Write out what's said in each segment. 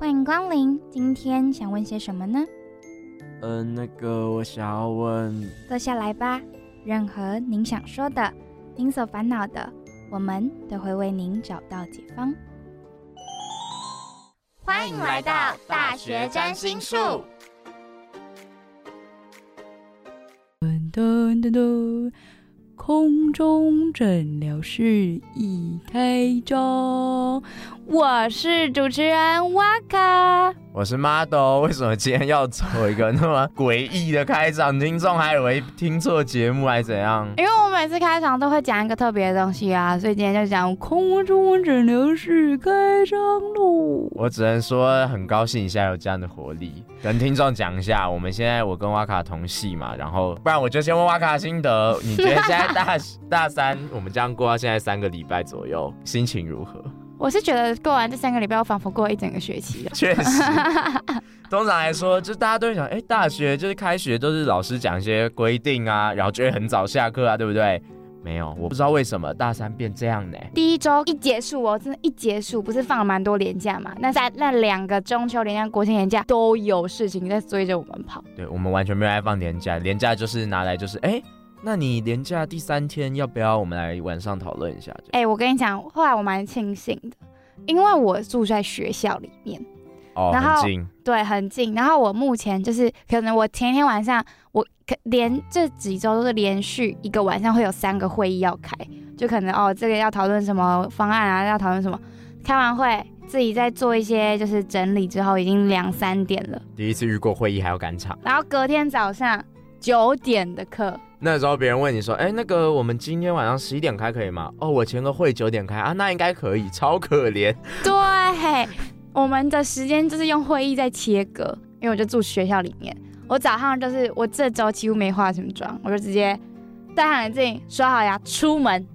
歡迎光臨，今天想問些什麼呢？嗯、呃，那個我想要問，坐下來吧，任何您想說的、您所煩惱的，我們都會為您找到解方。歡迎來到大學占心術。嗯嗯嗯嗯嗯空中診療室已開張，我是主持人哇咔。我是 Model，為什麼今天要走一個那麼詭異的開場？ 聽眾還以為聽錯節目還是怎樣？因為我每次開場都會講一個特別的東西啊，所以今天就講空中整流式開場嘍。我只能說很高興，你現在有這樣的活力，跟聽眾講一下，我們現在我跟瓦卡同系嘛，然後不然我就先問瓦卡心得，你覺得現在大 大三，我們這樣過到現在三個禮拜左右，心情如何？我是覺得過完這三個禮拜，我仿佛過了一整個學期。確實，通常來說，就大家都會想，哎，大學就是開學都是老師講一些規定啊，然後就會很早下課啊，對不對？沒有，我不知道為什麼大三變這樣呢。第一周一結束，哦，我真的，一結束不是放了蠻多連假嘛？那三那兩個中秋連假、國慶連假都有事情在追着我們跑。對，我們完全沒有愛放連假，連假就是拿來就是哎。那你連假第三天要不要我們來晚上討論一下？哎、欸，我跟你講，後來我蠻慶幸的，因為我住在學校裡面，哦，然後很近，對，很近。然後我目前就是可能我前一天晚上，我可連這幾周都是連續一個晚上會有三個會議要開，就可能哦，這個要討論什麼方案啊，要討論什麼。開完會自己再做一些就是整理之後，已經兩三點了。第一次遇過會議還要趕場，然後隔天早上。九點的課，那時候別人問你說，哎、欸，那個我們今天晚上十一點開可以嗎？哦，我前個會九點開啊，那應該可以。超可憐。 對，我們的時間就是用會議在切割，因為我就住學校裡面，我早上就是我這周幾乎沒化什麼妝，我就直接戴上眼鏡，刷好牙，出門。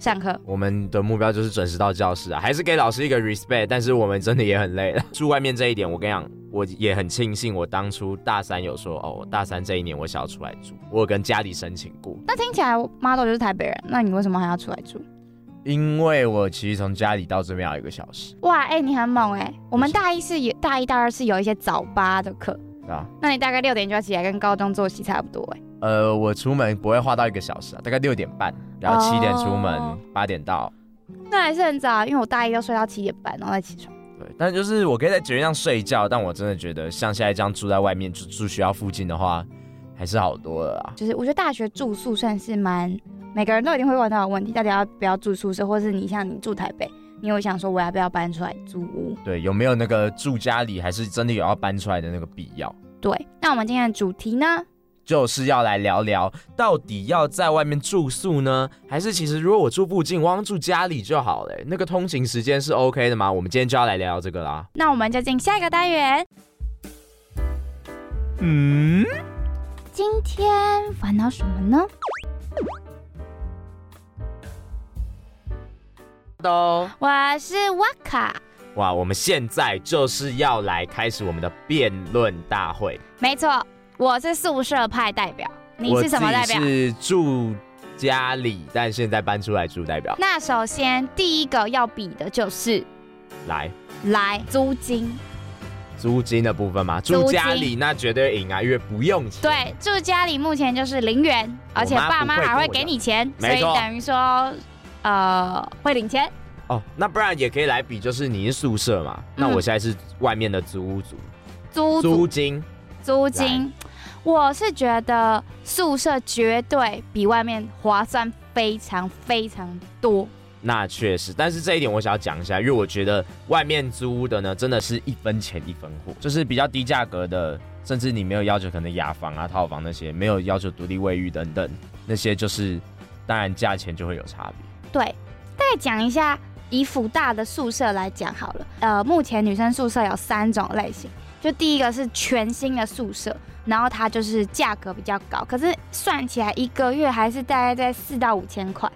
上課，我們的目標就是準時到教室啊，還是給老師一個 respect。但是我們真的也很累了，住外面這一點，我跟你講，我也很慶幸我當初大三有說哦，大三這一年我想要出來住，我有跟家裡申請過。那聽起來媽都就是台北人，那你為什麼還要出來住？因為我其實從家裡到這邊要一個小時。哇，哎，你很猛哎！我們大一是有大一、大二是有一些早八的課啊，那你大概六點就要起來，跟高中作息差不多哎。呃，我出門不會花到一個小時，啊，大概六點半，然後七點出門，Oh. 八點到。那還是很早，因為我大一要睡到七點半，然後再起床。對，但就是我可以在捷運上睡覺，但我真的覺得像現在這樣住在外面，住住學校附近的話，還是好多了啊。就是我覺得大學住宿算是蠻每個人都一定會問到的問題，到底要不要住宿舍，或是你像你住台北，你有想說我要不要搬出來住？對，有沒有那個住家裡，還是真的有要搬出來的那個必要？對，那我們今天的主題呢？就是要來聊聊，到底要在外面住宿呢，還是其實如果我住附近，往住家裡就好了，欸，那個通勤時間是 OK 的嗎？我們今天就要來聊聊這個啦。那我們就進下一個單元。嗯，今天煩惱什麼呢？咚噠，我是哇卡。哇，我們現在就是要來開始我們的辯論大會。沒錯。我是宿舍派代表，你是什麼代表？我是住家裡，但現在搬出來住代表。那首先第一個要比的就是，來來租金，租金的部分嘛。住家裡那絕對贏啊，因為不用錢。對，住家裡目前就是零元，而且爸媽還會給你錢，所以等於說呃會領錢。哦，那不然也可以來比，就是你是宿舍嘛，那我現在是外面的租屋租租租金租金。我是覺得宿舍絕對比外面划算非常非常多，那確實，但是這一點我想要講一下，因為我覺得外面租的呢，真的是一分錢一分貨，就是比較低價格的，甚至你沒有要求可能雅房啊、套房那些，沒有要求獨立衛浴等等，那些就是，當然價錢就會有差別。對，再講一下以輔大的宿舍來講好了，呃，目前女生宿舍有三種類型。就第一個是全新的宿舍，然後它就是價格比較高，可是算起來一個月還是大概在四到五千塊。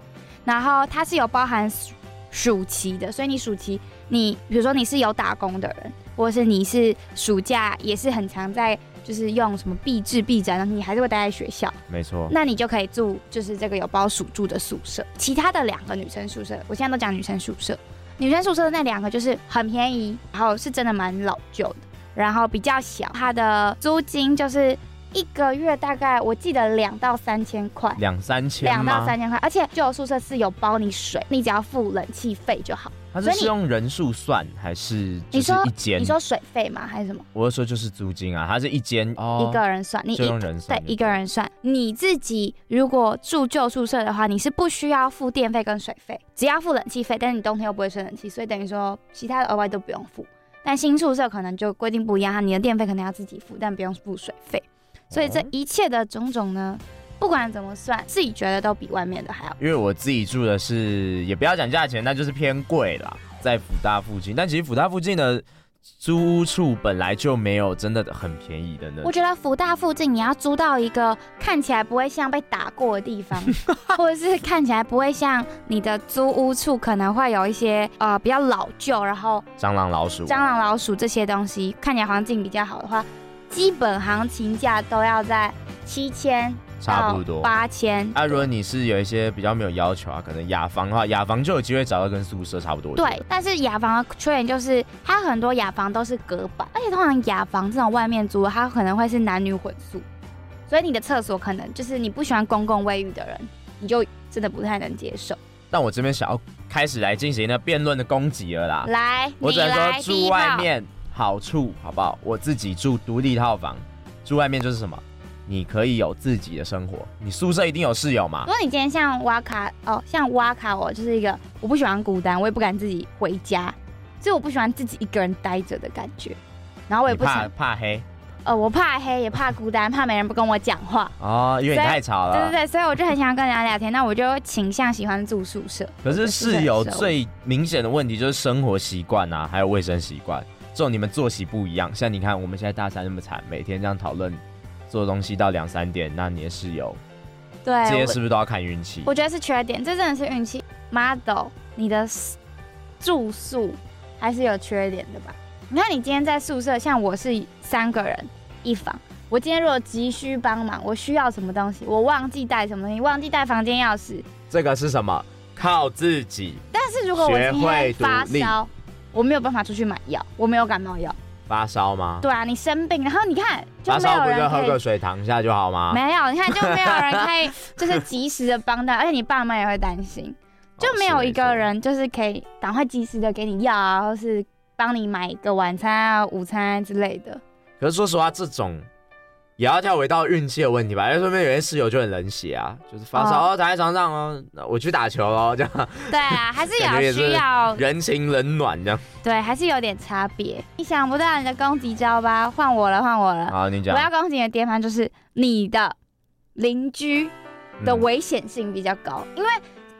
然後它是有包含暑暑期的，所以你暑期，你比如說你是有打工的人，或是你是暑假也是很常在，就是用什麼畢製畢展，然後你還是會待在學校，沒錯。那你就可以住就是這個有包暑住的宿舍。其他的兩個女生宿舍，我現在都講女生宿舍，女生宿舍的那兩個就是很便宜，然後是真的蠻老舊的。然後比較小，它的租金就是一個月大概我記得兩到三千塊，兩三千，兩到三千塊，而且舊宿舍是有包你水，你只要付冷氣費就好。它是用人數算還是，是？你說你說水費嗎？還是什麼？我就說就是租金啊，它是一間、哦、一個人算，你一就用人算對，對，對一個人算。你自己如果住舊宿舍的話，你是不需要付電費跟水費，只要付冷氣費。但是你冬天又不會吹冷氣，所以等於說其他的額外都不用付。但新宿舍可能就規定不一樣哈、啊，你的電費可能要自己付，但不用付水費，所以這一切的種種呢，不管怎麼算，自己覺得都比外面的還好。因為我自己住的是，也不要講價錢，那就是偏貴啦，在輔大附近。但其實輔大附近的。租屋處本來就沒有真的很便宜的呢。我覺得輔大附近你要租到一個看起來不會像被打過的地方， 或者是看起來不會像你的租屋處可能會有一些呃比較老舊，然後蟑螂老鼠，蟑螂老鼠這些東西看起來環境比較好的話，基本行情價都要在七千。差不多八千。八千，啊，對如果你是有一些比較沒有要求啊，可能雅房的話，雅房就有機會找到跟宿舍差不多。對，但是雅房的缺點就是，它很多雅房都是隔板，而且通常雅房這種外面租的，它可能會是男女混宿，所以你的廁所可能就是你不喜歡公共衛浴的人，你就真的不太能接受。但我這邊想要開始來進行一個辯論的攻擊了啦。來，你來我只能說住外面好處好不好？我自己住獨立套房，住外面就是什麼？你可以有自己的生活，你宿舍一定有室友嗎？如果你今天像挖卡哦，像挖卡哦，就是一個我不喜歡孤單，我也不敢自己回家，所以我不喜歡自己一個人待着的感覺。然後我也不怕怕黑，呃，我怕黑也怕孤單， 怕沒人不跟我講話。哦，因為你太吵了。對對對，所以我就很喜歡跟人家聊天。 那我就傾向喜歡住宿舍。可是室友最明顯的問題就是生活習慣啊，還有衛生習慣。 這種你們作息不一樣，像你看我們現在大三那麼慘，每天這樣討論。做東西到兩三點，那你的室友，對，這些是不是都要看運氣？我覺得是缺點，這真的是運氣。Model，你的住宿還是有缺點的吧？你看你今天在宿舍，像我是三個人一房，我今天如果急需幫忙，我需要什麼東西，我忘記帶什麼東西，忘記帶房間鑰匙，這個是什麼？靠自己。但是如果我今天發燒，我沒有辦法出去買藥，我沒有感冒藥。發燒嗎？對啊，你生病，然後你看，就沒有人發燒，不就喝個水躺下就好嗎？沒有，你看就沒有人可以，就是及時的幫到， 而且你爸媽也會擔心，就沒有一個人就是可以趕快及時的給你藥啊，或是幫你買一個晚餐啊、午餐之類的。可是說實話，這種。也要叫回到運氣的問題吧，因為說不定有些室友就很冷血啊，就是發燒哦躺在床上哦，那我去打球哦，這樣。對啊，還是有需要人情冷暖這樣。對，還是有點差別。你想不到你的攻擊招吧？換我了，換我了。好，你講。我要攻擊你的地方就是你的鄰居的危險性比較高，嗯、因為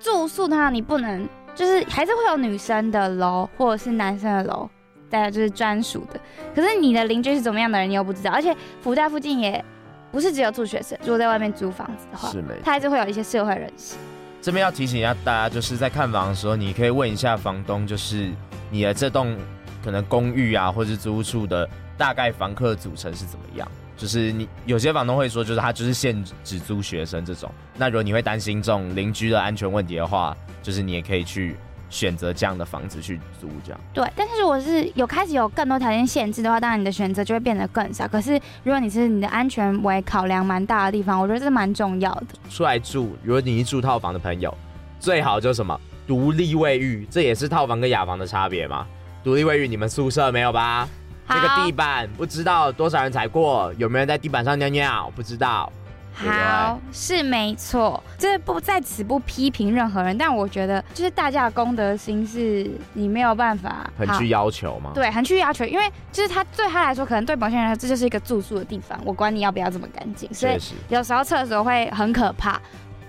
住宿的話你不能就是還是會有女生的樓或者是男生的樓。大家就是專屬的，可是你的鄰居是怎麼樣的人，你又不知道。而且輔大附近也不是只有住學生，如果在外面租房子的話，他還是會有一些社會人士。是沒錯。這邊要提醒一下大家，就是在看房的時候，你可以問一下房東，就是你的這棟可能公寓啊，或是租住處的大概房客組成是怎麼樣。就是你有些房東會說，就是他就是限制只租學生這種。那如果你會擔心這種鄰居的安全問題的話，就是你也可以去。選擇這樣的房子去租，這樣對。但是如果是有開始有更多條件限制的話，當然你的選擇就會變得更少。可是如果你是你的安全為考量蠻大的地方，我覺得這是蠻重要的。出來住，如果你一住套房的朋友，最好就是什麼獨立衛浴，這也是套房跟雅房的差別嘛。獨立衛浴，你們宿舍沒有吧？這好個地板不知道多少人踩過，有沒有人在地板上尿尿？不知道。Yeah. 好是沒錯，這、就是，不在此不批評任何人，但我覺得就是大家的公德心是你沒有辦法很去要求嘛，對，很去要求，因為就是他對他來說，可能對某些人，來說，這就是一個住宿的地方，我管你要不要這麼乾淨，所以有時候廁所會很可怕。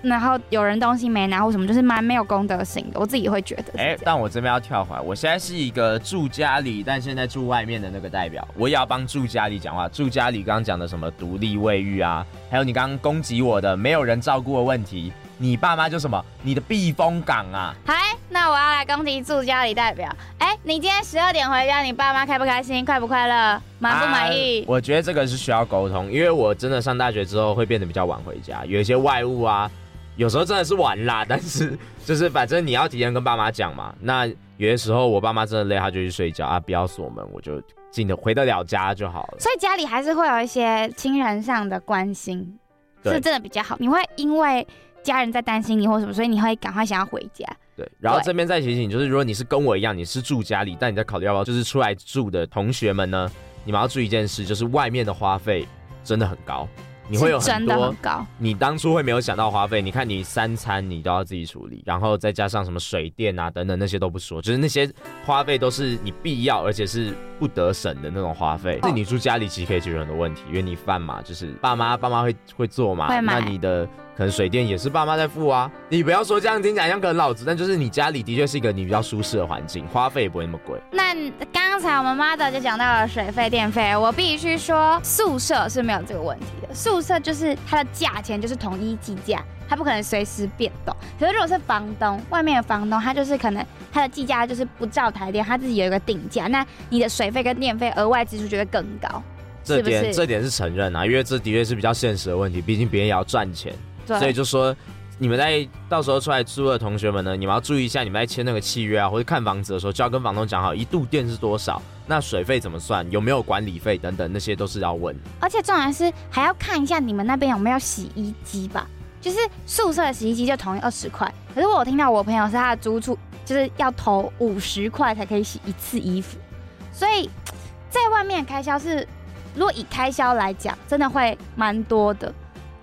然後有人東西沒拿或什麼，就是蠻沒有公德心的。我自己會覺得。哎、欸，但我這邊要跳回來，我現在是一個住家裡，但現在住外面的那個代表，我也要幫住家裡講話。住家裡剛剛講的什麼獨立衛浴啊，還有你剛剛攻擊我的沒有人照顧的問題，你爸媽就什麼，你的避風港啊。嗨，那我要來攻擊住家裡代表。哎、欸，你今天十二點回家，你爸媽開不開心？快不快樂？滿不滿意、啊？我覺得這個是需要溝通，因為我真的上大學之後會變得比較晚回家，有一些外物啊。有時候真的是玩啦，但是就是反正你要提前跟爸媽講嘛。那有些時候我爸媽真的累，他就去睡覺啊，不要鎖門，我就進得回得了家就好了。所以家裡還是會有一些親人上的關心，對是真的比較好。你會因為家人在擔心你或什麼，所以你會趕快想要回家。對，然後這邊再提醒你，對就是如果你是跟我一樣，你是住家裡，但你在考慮要不要就是出來住的同學們呢，你們要注意一件事，就是外面的花費真的很高。你會有很多，你當初會沒有想到花費。你看，你三餐你都要自己處理，然後再加上什麼水電啊等等，那些都不說，就是那些花費都是你必要而且是不得省的那種花費。那你住家裡其實可以解決很多問題，因為你飯嘛，就是爸媽，爸媽會會做嘛，那你的。可能水電也是爸媽在付啊，你不要說這樣聽起來像跟老子，但就是你家裡的確是一個你比較舒適的環境，花費也不會那麼貴。那剛才我們媽的、er、就講到了水費、電費，我必須說宿舍是沒有這個問題的，宿舍就是它的價錢就是統一計價，它不可能隨時變動。可是如果是房東，外面的房東，他就是可能他的計價就是不照台電，他自己有一個定價，那你的水費跟電費額外支出就會更高。這點這點是承認啊，因為這的確是比較現實的問題，畢竟別人也要賺錢。對所以就說，你們在到時候出來租的同學們呢，你們要注意一下，你們在簽那個契約啊，或者看房子的時候，就要跟房東講好一度電是多少，那水費怎麼算，有沒有管理費等等，那些都是要問。而且重要的是還要看一下你們那邊有沒有洗衣機吧，就是宿舍的洗衣機就統一二十塊，可是如果我聽到我朋友是他的租處就是要投五十塊才可以洗一次衣服，所以在外面開銷是，如果以開銷來講，真的會蠻多的。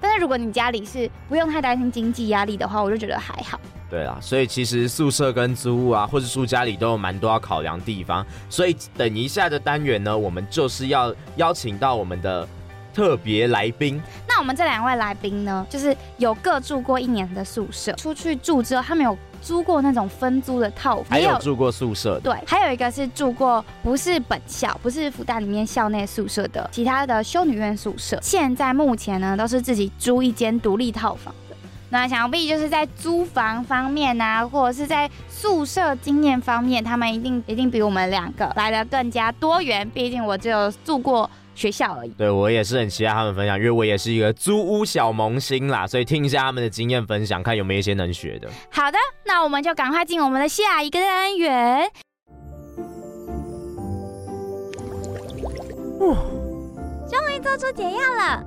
但是如果你家裡是不用太擔心經濟壓力的話，我就覺得還好。對啊，所以其實宿舍跟租屋啊，或是住家裡都有蠻多要考量地方。所以等一下的單元呢，我們就是要邀請到我們的特別來賓。那我們這兩位來賓呢，就是有各住過一年的宿舍，出去住之後，他們有。租過那種分租的套房，沒有，還有住過宿舍的，對，還有一個是住過不是本校，不是輔大裡面校內宿舍的，其他的修女院宿舍。現在目前呢，都是自己租一間獨立套房的。那想必就是在租房方面啊，或者是在宿舍經驗方面，他們一定一定比我們兩個來的更加多元。畢竟我只有住過。學校而已，對，我也是很期待他們分享，因為我也是一個租屋小萌新啦，所以聽一下他們的經驗分享，看有沒有一些能學的。好的，那我們就趕快進我們的下一個單元。哇、哦，終於做出解藥了！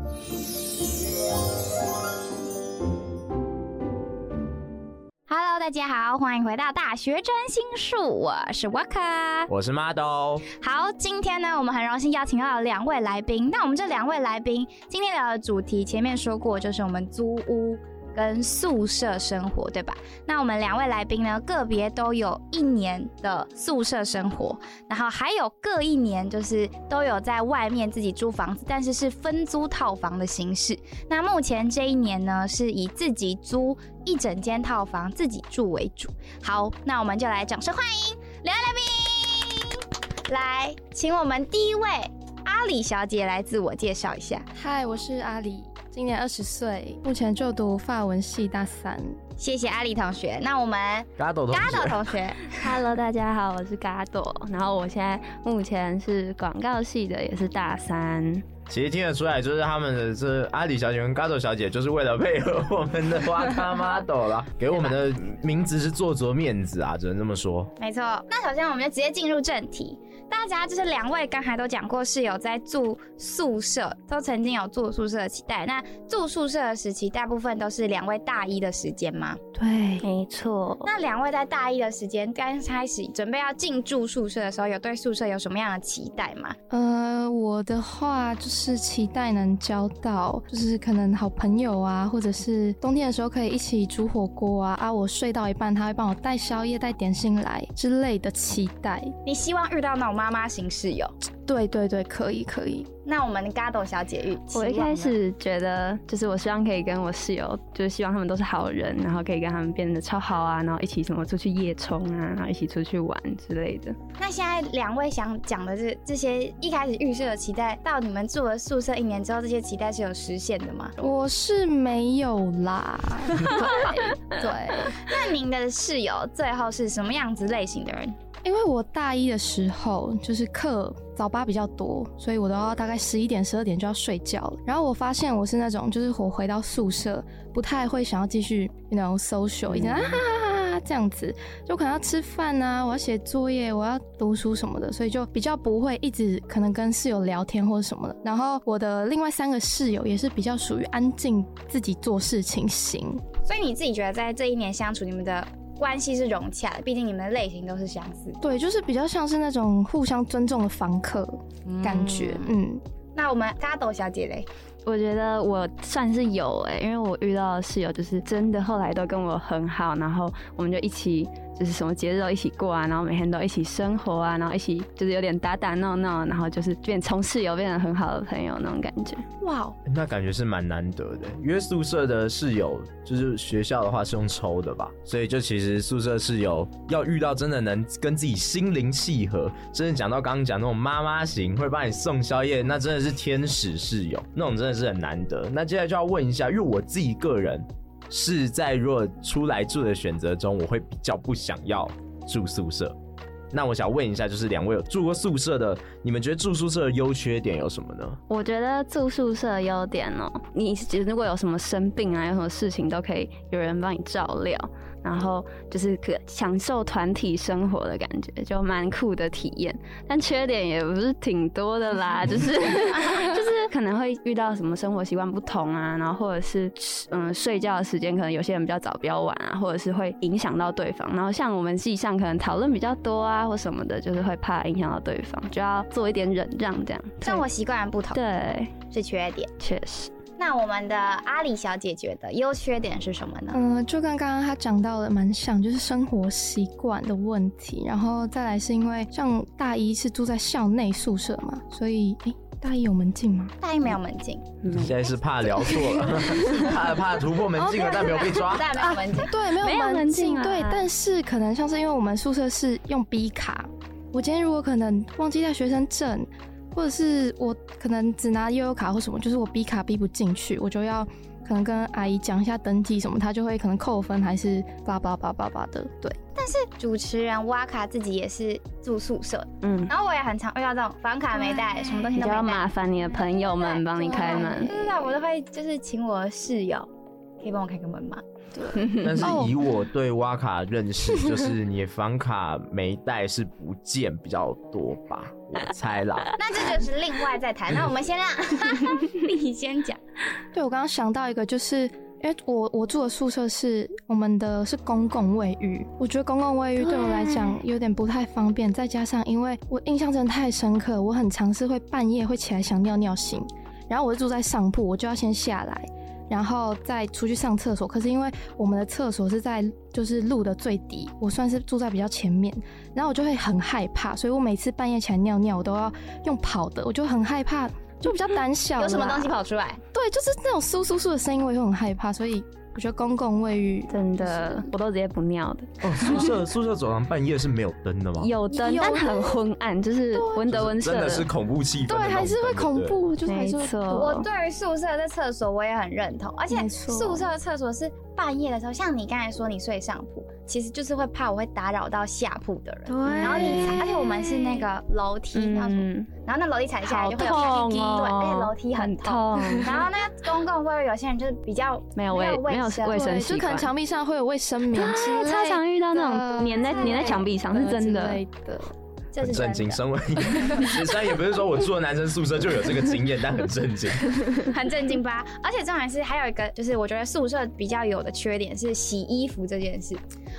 Hello，大家好，歡迎回到大學占心術，我是沃卡，我是馬兜。好，今天呢，我們很榮幸邀請到兩位來賓。那我們這兩位來賓今天聊的主題，前面說過，就是我們租屋。跟宿舍生活，對吧？那我們兩位來賓呢，個別都有一年的宿舍生活，然後還有各一年，就是都有在外面自己租房子，但是是分租套房的形式。那目前這一年呢，是以自己租一整間套房自己住為主。好，那我們就來掌聲歡迎兩位來賓，來，請我們第一位阿里小姐來自我介紹一下。嗨，我是阿里。今年二十歲，目前就讀法文系大三。謝謝阿里同學，那我們咖多同學、咖多同學 ，Hello，大家好，我是咖多。然後我現在目前是廣告系的，也是大三。其實聽得出來，就是他們的、就是阿里小姐跟咖多小姐，就是為了配合我們的花卡媽朵啦。 給我們的名字是做足面子啊， 只能這麼說。沒錯，那首先我們就直接進入正題。大家就是兩位，剛才都講過是有在住宿舍，都曾經有住宿舍的期待。那住宿舍的時期，大部分都是兩位大一的時間嗎？對，沒錯。那兩位在大一的時間剛開始準備要進住宿舍的時候，有對宿舍有什麼樣的期待嗎？呃，我的話就是期待能交到，就是可能好朋友啊，或者是冬天的時候可以一起煮火鍋啊，啊，我睡到一半他會幫我帶宵夜、帶點心來之類的期待。你希望遇到那種？媽媽型室友，對對對，可以可以。那我們咖多小姐預期，我一開始覺得就是我希望可以跟我室友，就是希望他們都是好人，然後可以跟他們變得超好啊，然後一起什麼出去夜衝啊，然後一起出去玩之類的。那現在兩位想講的是這些，一開始預設的期待，到你們住了宿舍一年之後，這些期待是有實現的嗎？我是沒有啦 對。對。那您的室友最後是什麼樣子類型的人？因為我大一的時候就是課早八比較多，所以我都要大概十一點十二點就要睡覺了。然後我發現我是那種就是我回到宿舍不太會想要繼續 you know, social，一點啊哈哈哈哈這樣子，就可能要吃飯啊，我要寫作業，我要讀書什麼的，所以就比較不會一直可能跟室友聊天或者什麼的。然後我的另外三個室友也是比較屬於安靜自己做事情型。所以你自己覺得在這一年相處，你們的？關係是融洽的，畢竟你們的類型都是相似。對，就是比較像是那種互相尊重的房客感覺。嗯，嗯，那我們咖多小姐咧？我覺得我算是有哎、欸，因為我遇到的室友就是真的，後來都跟我很好，然後我們就一起。就是什麼節日都一起過啊，然後每天都一起生活啊，然後一起就是有點打打鬧鬧，然後就是變成從室友變成很好的朋友那種感覺。哇、wow 欸，那感覺是蠻難得的。因為宿舍的室友就是學校的話是用抽的吧，所以就其實宿舍室友要遇到真的能跟自己心靈契合，真的講到剛剛講那種媽媽型會幫你送宵夜，那真的是天使室友，那種真的是很難得。那接下來就要問一下，因為我自己個人。是在如果出來住的選擇中，我會比較不想要住宿舍。那我想問一下，就是兩位有住過宿舍的，你們覺得住宿舍的優缺點有什麼呢？我覺得住宿舍的優點哦、喔，你其實如果有什麼生病啊，有什麼事情都可以有人幫你照料。然後就是可享受團體生活的感覺，就蠻酷的體驗。但缺點也不是挺多的啦， 就是就是可能會遇到什麼生活習慣不同啊，然後或者是嗯、呃、睡覺的時間可能有些人比較早比較晚啊，或者是會影響到對方。然後像我們際上可能討論比較多啊或什麼的，就是會怕影響到對方，就要做一點忍讓這樣。生活習慣不同，對，對是缺點，確實。那我們的阿里小姐覺得優缺點是什麼呢？嗯、呃，就跟剛剛剛她講到了蠻像，就是生活習慣的問題，然後再來是因為像大一是住在校內宿舍嘛，所以誒，大一有門禁嗎？大一沒有門禁，嗯、你現在是怕聊錯了，對 怕怕突破門禁了，哦、但沒有被抓，沒有門禁，對，沒有門禁，對，但是可能像是因為我們宿舍是用 B 卡，我今天如果可能忘記帶學生證。或者是我可能只拿悠遊卡或什麼，就是我逼卡逼不進去，我就要可能跟阿姨講一下登記什麼，她就會可能扣分還是叭叭叭叭叭的，對。但是主持人挖卡自己也是住宿舍，嗯，然後我也很常遇到這種房卡沒帶，對什麼東西都沒帶，就要麻煩你的朋友們幫你開門。那、就是、我都會就是請我的室友可以幫我開個門嗎？ 但是以我對挖卡認識，就是你房卡沒帶是不見比較多吧， 我猜啦。那這就是另外再談。那我們先讓，你先講講。對，我剛剛想到一個，就是因為我我住的宿舍是我們的，是公共衛浴。我覺得公共衛浴對我來講有點不太方便，對再加上因為我印象真的太深刻，我很常是會半夜會起來想尿尿醒，然後我就住在上鋪，我就要先下來。然後再出去上廁所，可是因為我們的廁所是在就是路的最底，我算是住在比較前面，然後我就會很害怕，所以我每次半夜起來尿尿，我都要用跑的，我就很害怕，就比較膽小。有什麼東西跑出來？對，就是那種嗖嗖嗖的聲音，我也會很害怕，所以。我覺得公共衛浴真的，我都直接不尿的。哦，宿舍 宿舍走廊半夜是沒有燈的嗎？有燈燈，但很昏暗，對就是昏德昏死。真的是恐怖氣氛對對。對，還是會恐怖，就是、還是。沒錯錯。我對宿舍在廁所我也很認同，而且宿舍的廁所是。半夜的時候，像你剛才說你睡上鋪，其實就是會怕我會打擾到下鋪的人。對。然後你，而且我們是那個樓梯那，然後那樓梯踩下來就會有痛對，而且樓梯很痛。然後那個公共會有些人就是比較沒有衛生，沒有衛生習慣，就可能牆壁上會有衛生棉。對，超常遇到那種粘在粘在牆壁上是真的。這是很震驚，身為雖然也不是說我住的男生宿舍就有這個經驗，但很震驚，很震驚吧。而且重點是還有一個，就是我覺得宿舍比較有的缺點是洗衣服這件事，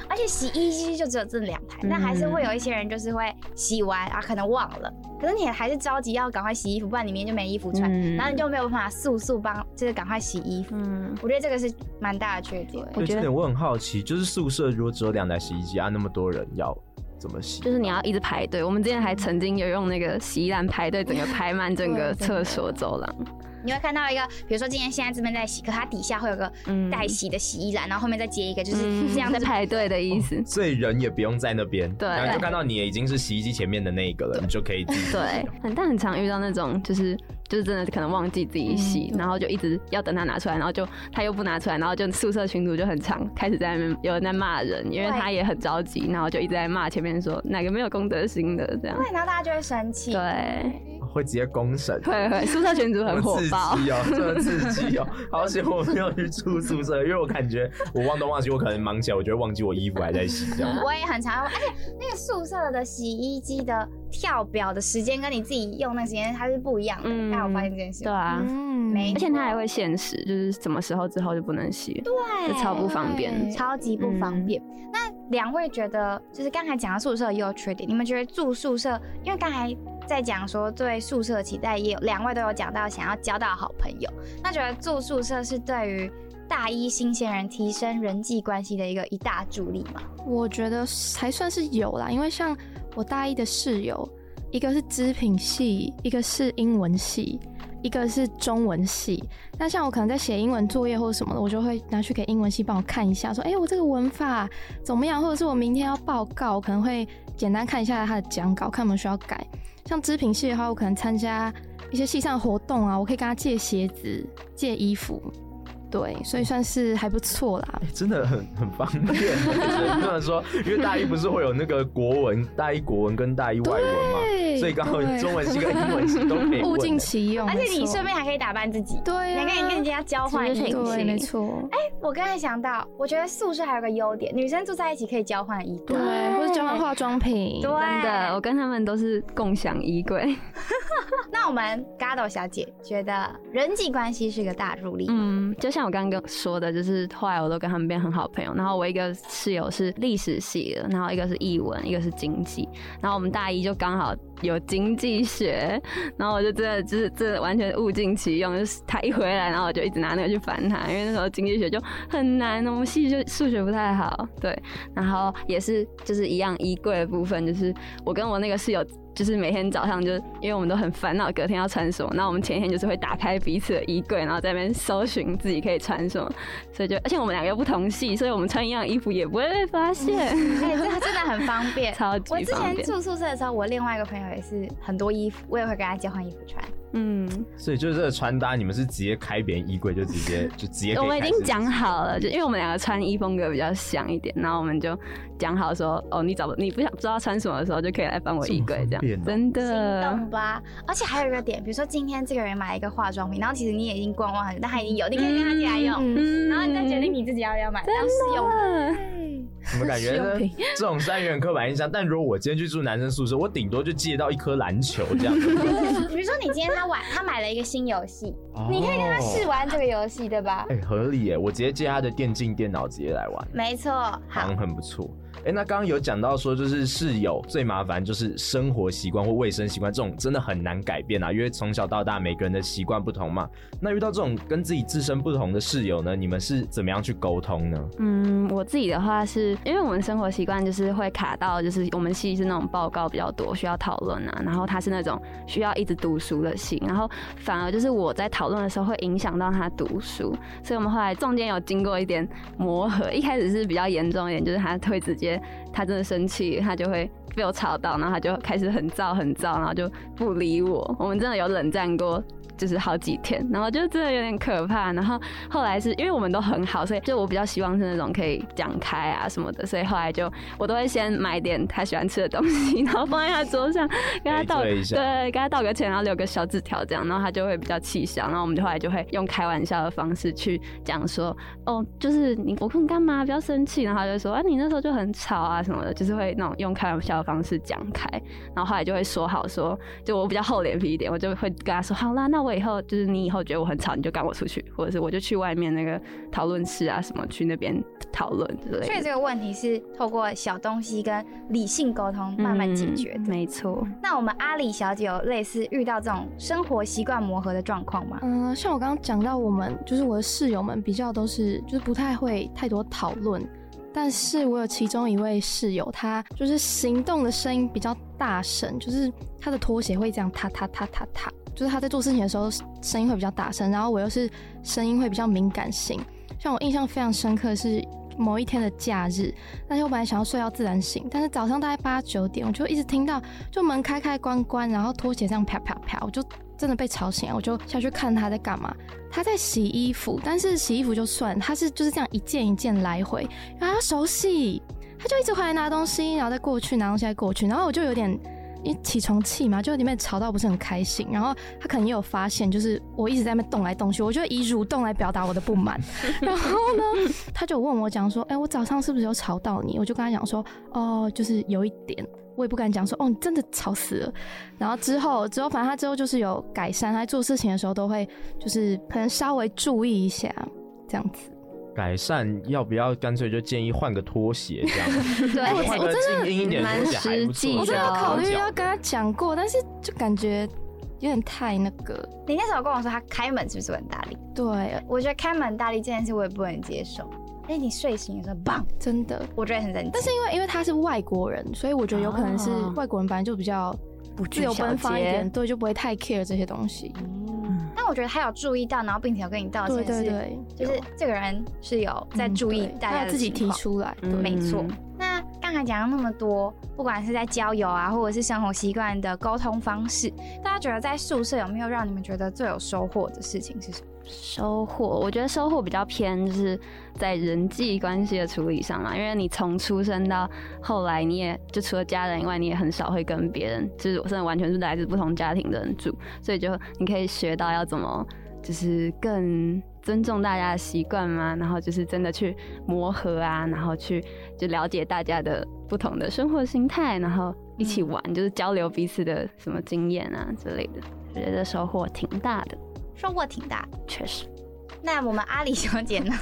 而且洗衣機就只有這兩台，但還是會有一些人就是會洗完啊，可能忘了，可是你還是着急要趕快洗衣服，不然裡面就沒衣服穿，嗯、然後你就沒有辦法速速幫，就是趕快洗衣服。嗯、我覺得這個是蠻大的缺點。我覺得，這點我很好奇，就是宿舍如果只有兩台洗衣機啊，那麼多人要。怎麼洗？就是你要一直排隊。我們之前還曾經有用那個洗衣籃排隊，整個排滿整個廁所走廊。 啊、 你會看到一個，比如說今天現在這邊在洗，可它底下會有個帶洗的洗衣籃，然後後面再接一個，就是這樣在、嗯、排隊的意思、哦。所以人也不用在那邊，對，然後就看到你也已經是洗衣機前面的那一個了，對你就可以進去。對。很但很常遇到那種就是。就是真的可能忘記自己洗，嗯、然後就一直要等他拿出來，然後就他又不拿出來，然後就宿舍群組就很常，開始在那邊有人在罵人，因為他也很着急，然後就一直在罵前面說哪個沒有公德心的這樣，對，然後大家就會生氣。對。會直接公審，對對，宿舍群組很火爆，刺激哦、喔，真的刺激哦、喔。 好險我沒有去住宿舍，因為我感覺我忘東忘西，我可能忙起來，我覺得忘記我衣服還在洗 我也很常用，而且那個宿舍的洗衣機的跳表的時間跟你自己用那時間它是不一樣的，嗯、但我發現這件事。對啊，嗯，沒，而且它還會限時，就是什麼時候之後就不能洗，對，超不方便，超級不方便。嗯、那兩位覺得，就是剛才講到宿舍優缺點，你們覺得住宿舍，因為剛才、嗯。在講說對宿舍期待也有兩位都有講到想要交到好朋友，那覺得住宿舍是對於大一新鮮人提升人際關係的一個一大助力嗎？我覺得還算是有啦，因為像我大一的室友，一個是織品系，一個是英文系，一個是中文系。那像我可能在寫英文作業或者什麼的，我就會拿去給英文系幫我看一下說，說、欸、哎，我這個文法怎麼樣，或者是我明天要報告，可能會。簡單看一下他的講稿，看有沒有需要改。像織品系的話，我可能參加一些系上活動啊，我可以跟他借鞋子、借衣服。對，所以算是還不錯啦，真的很很方便。不能說，因為大一不是會有那個國文，大一國文跟大一外文嘛，所以剛好中文系跟英文系都用。物盡其用，而且你順便還可以打扮自己，對，兩個人跟人家交換東西，沒錯。哎，我剛才想到，我覺得宿舍還有個優點，女生住在一起可以交換衣櫃。對，或者交換化妝品，真的，我跟他們都是共享衣櫃。那我們 Gado 小姐覺得人際關係是個大助力，嗯，就是。像我剛剛說的，就是後來我都跟他們變很好朋友。然後我一個室友是歷史系的，然後一個是譯文，一個是經濟。然後我們大一就剛好有經濟學，然後我就真的就是這完全物盡其用，就是他一回來，然後我就一直拿那個去煩他，因為那時候經濟學就很難，我們系就數學不太好，對，然後也是就是一樣衣櫃的部分，就是我跟我那個室友就是每天早上就因為我們都很煩惱隔天要穿什麼，那我們前一天就是會打開彼此的衣櫃，然後在那邊搜尋自己可以穿什麼，所以就而且我們兩個又不同系，所以我們穿一樣衣服也不會被發現，哎、嗯，真、欸、的真的很方便， 超級方便。我之前住宿舍的時候，我另外一個朋友。也是很多衣服，我也會跟他交換衣服穿。嗯，所以就是這個穿搭，你們是直接開別人衣櫃就直接就直接。直接 我們已經講好了，就因為我們兩個穿衣風格比較像一點，然後我們就講好說，哦，你找你不想不知道穿什麼的時候，就可以來翻我衣櫃這樣，這啊、真的。心動吧，而且還有一個點，比如說今天這個人買了一個化妝品，然後其實你也已經觀望很久，但他已經有，你可以跟他進來用，嗯、然後你再決定你自己要不要買，當的用。嗯怎麼感覺呢？這種三元刻板印象，但如果我今天去住男生宿舍，我頂多就借到一顆籃球這樣。 比如說，你今天他玩，他買了一個新遊戲，哦、你可以跟他試玩這個遊戲，對吧？哎、欸，合理耶，我直接借他的電競電腦直接來玩。沒錯，好，好很不錯。哎、欸，那剛剛有講到說，就是室友最麻煩就是生活習慣或衛生習慣這種，真的很難改變啊，因為從小到大每個人的習慣不同嘛。那遇到這種跟自己自身不同的室友呢，你們是怎麼樣去溝通呢？嗯，我自己的話是因為我們生活習慣就是會卡到，就是我們系是那種報告比較多，需要討論啊，然後他是那種需要一直讀書的型，然後反而就是我在討論的時候會影響到他讀書，所以我們後來中間有經過一點磨合，一開始是比較嚴重一點，就是他會直接。他真的生氣，他就會被我吵到，然後他就開始很躁、很躁，然後就不理我。我們真的有冷戰過。就是好幾天，然後就真的有點可怕。然後後來是因為我們都很好，所以就我比較希望是那種可以講開啊什麼的。所以後來就我都會先買點他喜歡吃的東西，然後放在他桌上，跟他道、 欸、對，對，跟他道個歉，然後留個小紙條這樣，然後他就會比較氣消。然後我們就後來就會用開玩笑的方式去講說，哦，就是你我困你幹嘛，不要生氣。然後他就說啊，你那時候就很吵啊什麼的，就是會那種用開玩笑的方式講開。然後後來就會說好說，就我比較厚臉皮一點，我就會跟他說好啦，那我。我以後就是你以後覺得我很吵，你就趕我出去，或者是我就去外面那個討論室啊什麼，去那邊討論之類的。所以這個問題是透過小東西跟理性溝通慢慢解決的。嗯，沒錯。那我們阿里小姐有類似遇到這種生活習慣磨合的狀況嗎？嗯、呃，像我剛剛講到，我們就是我的室友們比較都是就是不太會太多討論。但是我有其中一位室友，他就是行動的聲音比較大聲，就是他的拖鞋會這樣踏踏踏踏踏，就是他在做事情的時候聲音會比較大聲。然後我又是聲音會比較敏感型，像我印象非常深刻的是某一天的假日，但是我本來想要睡到自然醒，但是早上大概八九點，我就一直聽到就門開開關關，然後拖鞋這樣啪啪啪啪，我就。真的被吵醒，我就下去看他在幹嘛。他在洗衣服，但是洗衣服就算，他是就是這樣一件一件來回啊，然後他手洗。他就一直回來拿東西，然後再過去拿東西，再過去。然後我就有點，因為起床氣嘛，就裡面吵到不是很開心。然後他可能也有發現，就是我一直在那邊動來動去，我就以蠕動來表達我的不滿。然後呢，他就問我講說，哎、欸，我早上是不是有吵到你？我就跟他講說，哦，就是有一點。我也不敢講說哦，你真的吵死了。然後之後，之後反正他之後就是有改善，他在做事情的時候都會就是可能稍微注意一下這樣子。改善要不要乾脆就建議換個拖鞋這樣子？ 對，換個精英一點拖鞋還不錯。對，我真的蠻實際，我真的考慮要跟他講過，對但是就感覺有點太那個。你那時候我跟我說他開門是不是很大力？對，我覺得開門大力這件事我也不能接受。哎，欸、你睡醒的時候，棒，真的，我覺得很神奇。但是因為因為他是外國人，所以我覺得有可能是外國人本來就比較自由奔放一點，對，就不會太 care 這些東西。嗯，但我覺得他有注意到，然後並且有跟你道歉，對，對，對，對，對，就是這個人是有在注意大家的情況、嗯、對他自己提出來，對沒錯。那剛才講了那麼多，不管是在交友啊，或者是生活習慣的溝通方式，大家覺得在宿舍有沒有讓你們覺得最有收穫的事情是什麼？收穫，我覺得收穫比較偏就是在人際關係的處理上嘛，因為你從出生到後來，你也就除了家人以外，你也很少會跟別人，就是我現在完全是來自不同家庭的人住，所以就你可以學到要怎麼就是更尊重大家的習慣嘛，然後就是真的去磨合啊，然後去就了解大家的不同的生活心態，然後一起玩，嗯、就是交流彼此的什麼經驗啊之類的，我覺得收穫挺大的。收穫挺大，確實。那我們阿里小姐呢？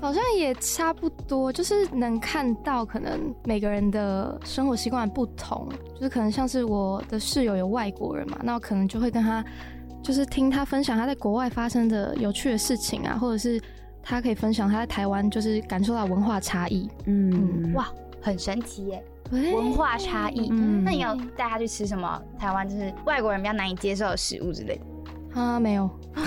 好像也差不多，就是能看到可能每個人的生活習慣不同，就是可能像是我的室友有外國人嘛，那我可能就會跟他就是聽他分享他在國外發生的有趣的事情啊，或者是他可以分享他在台灣就是感受到文化差異。嗯，哇，很神奇耶！欸、文化差異。欸、那你要帶他去吃什麼？台灣就是外國人比較難以接受的食物之類的。啊，沒有。附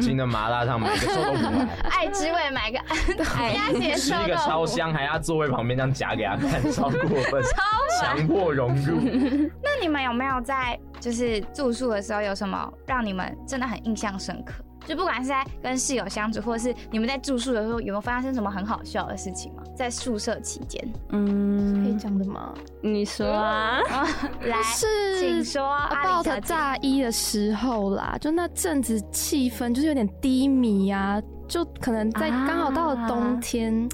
近的麻辣燙 買個 對臭豆腐，愛之味買個鴨血。吃一個超香，還要座位旁邊這樣夾給他看，超過分， 超強完迫融入。 那你們有沒有在就是住宿的時候有什麼讓你們真的很印象深刻？就不管是在跟室友相處，或者是你們在住宿的時候，有沒有發生什麼很好笑的事情嗎？在宿舍期間，嗯，可以講的嗎？你說啊，嗯、來，是請說阿里小姐。抱着炸衣的時候啦，就那陣子氣氛就是有點低迷啊。就可能在剛好到了冬天，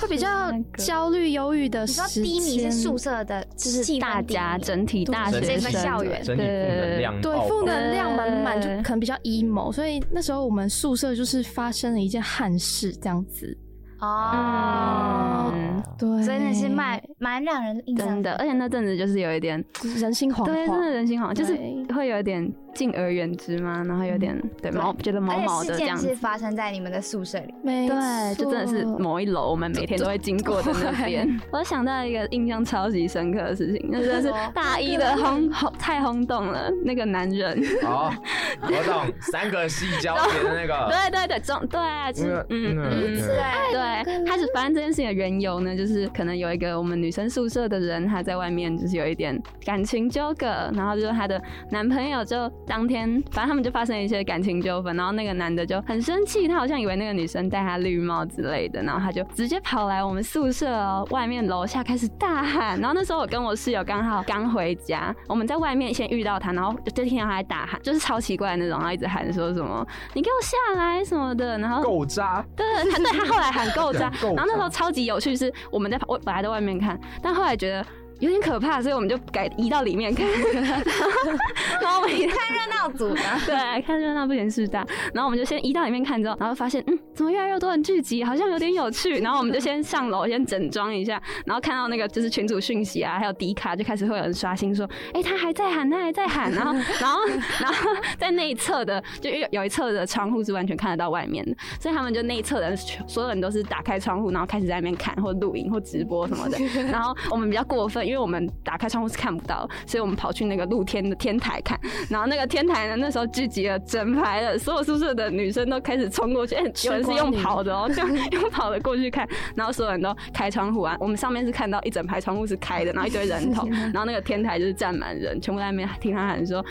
會比較焦慮、憂鬱的。你說低迷是宿舍的，就是大家整體大學生校園，對負能量滿滿，就可能比較 emo。所以那時候我們宿舍就是發生了一件憾事，這樣子。哦，對，所以那是蠻，蠻讓人印象深的，而且那陣子就是有一點人心惶惶，對，真的人心惶惶，就是會有一點。敬而遠之嗎？然後有點對毛，覺得毛毛的這樣子。是發生在你們的宿舍裡，對，就真的是某一樓，我們每天都會經過的那邊。我想到一個印象超級深刻的事情，那真是大一的轟轟，太轟動了。那個男人，好，我懂，三個戲交疊的那個，對對對，中對，嗯嗯嗯，對，對，開始，發生這件事情的緣由呢，就是可能有一個我們女生宿舍的人，她在外面就是有一點感情糾葛，然後就是她的男朋友就。當天，反正他們就發生一些感情糾紛，然後那個男的就很生氣，他好像以為那個女生戴他綠帽之類的，然後他就直接跑來我們宿舍，喔、外面樓下開始大喊。然後那時候我跟我室友剛好剛回家，我們在外面先遇到他，然後就，就聽到他在大喊，就是超奇怪那種，然後一直喊說什麼“你給我下來”什麼的，然後夠渣，對，對，他後來喊夠渣，嗯、然後那時候超級有趣是，是我們在我本來在外面看，但後來覺得。有點可怕，所以我們就改移到裡面看。然後， 然後我們一看熱鬧組的， 對，看熱鬧不嫌事大。然後我們就先移到裡面看，之後然後發現，嗯，怎麼越來越多人聚集，好像有點有趣。然後我們就先上樓，先整裝一下。然後看到那個就是群組訊息啊，還有迪卡，就開始會有人刷新說，哎、欸，他還在喊，他還在喊。然後，然後，然後，然後在那一側的，就有有一側的窗戶是完全看得到外面的，所以他們就那一側的所有人都是打開窗戶，然後開始在那邊看或錄影或直播什麼的。然後我們比較過分。因為我們打開窗戶是看不到，所以我們跑去那個露天的天台看。然後那個天台呢，那時候聚集了整排的所有宿舍的女生都開始衝過去，全、欸、是用跑的哦、喔，就用跑的過去看。然後所有人都開窗戶啊，我們上面是看到一整排窗戶是開的，然後一堆人頭，然後那個天台就是站滿人，全部在那邊聽他喊說：“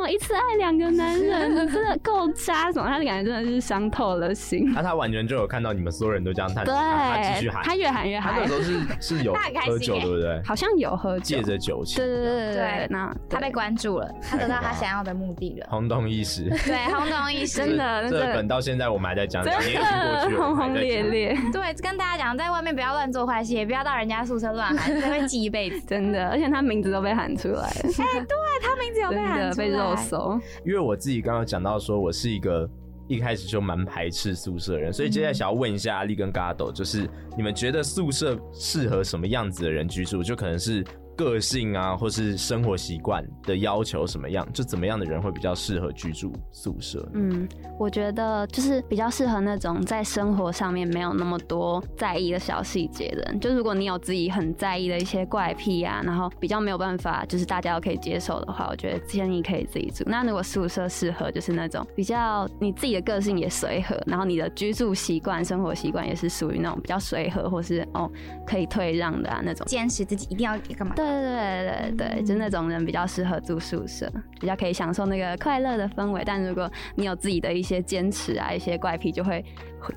我一次愛兩個男人？真的夠渣，怎麼？”他的感覺真的是傷透了心。那、啊、他完全就有看到你們所有人都這樣嘆，對，他繼續喊，他越喊越喊。他那時候是是有喝酒， 開心欸、對不對？好像。有喝酒，借着酒勁，對對對，那他被關注了，他得到他想要的目的了，轟動一時，對，轟動一時的那個，這本到現在我們還在講，真的轟轟烈烈。對，跟大家講，在外面不要亂做壞事，也不要到人家宿舍亂喊，這會記一輩子，真的。而且他名字都被喊出來了，哎，對他名字有被喊出來，被肉搜。因為我自己剛剛講到，說我是一個。一開始就蠻排斥宿舍人，所以接下來想要問一下阿里跟咖多，就是你們覺得宿舍適合什麼樣子的人居住？就可能是。個性啊，或是生活習慣的要求什麼樣，就怎麼樣的人會比較適合居住宿舍？嗯，我覺得就是比較適合那種在生活上面沒有那麼多在意的小細節的人。就如果你有自己很在意的一些怪癖啊，然後比較沒有辦法，就是大家都可以接受的話，我覺得建議可以自己住。那如果宿舍適合，就是那種比較你自己的個性也隨和，然後你的居住習慣、生活習慣也是屬於那種比較隨和，或是哦，可以退讓的啊，那種，堅持自己一定要幹嘛？對對對對,對,、嗯、對，就那種人比較適合住宿舍，比較可以享受那個快樂的氛圍。但如果你有自己的一些堅持啊，一些怪癖，就會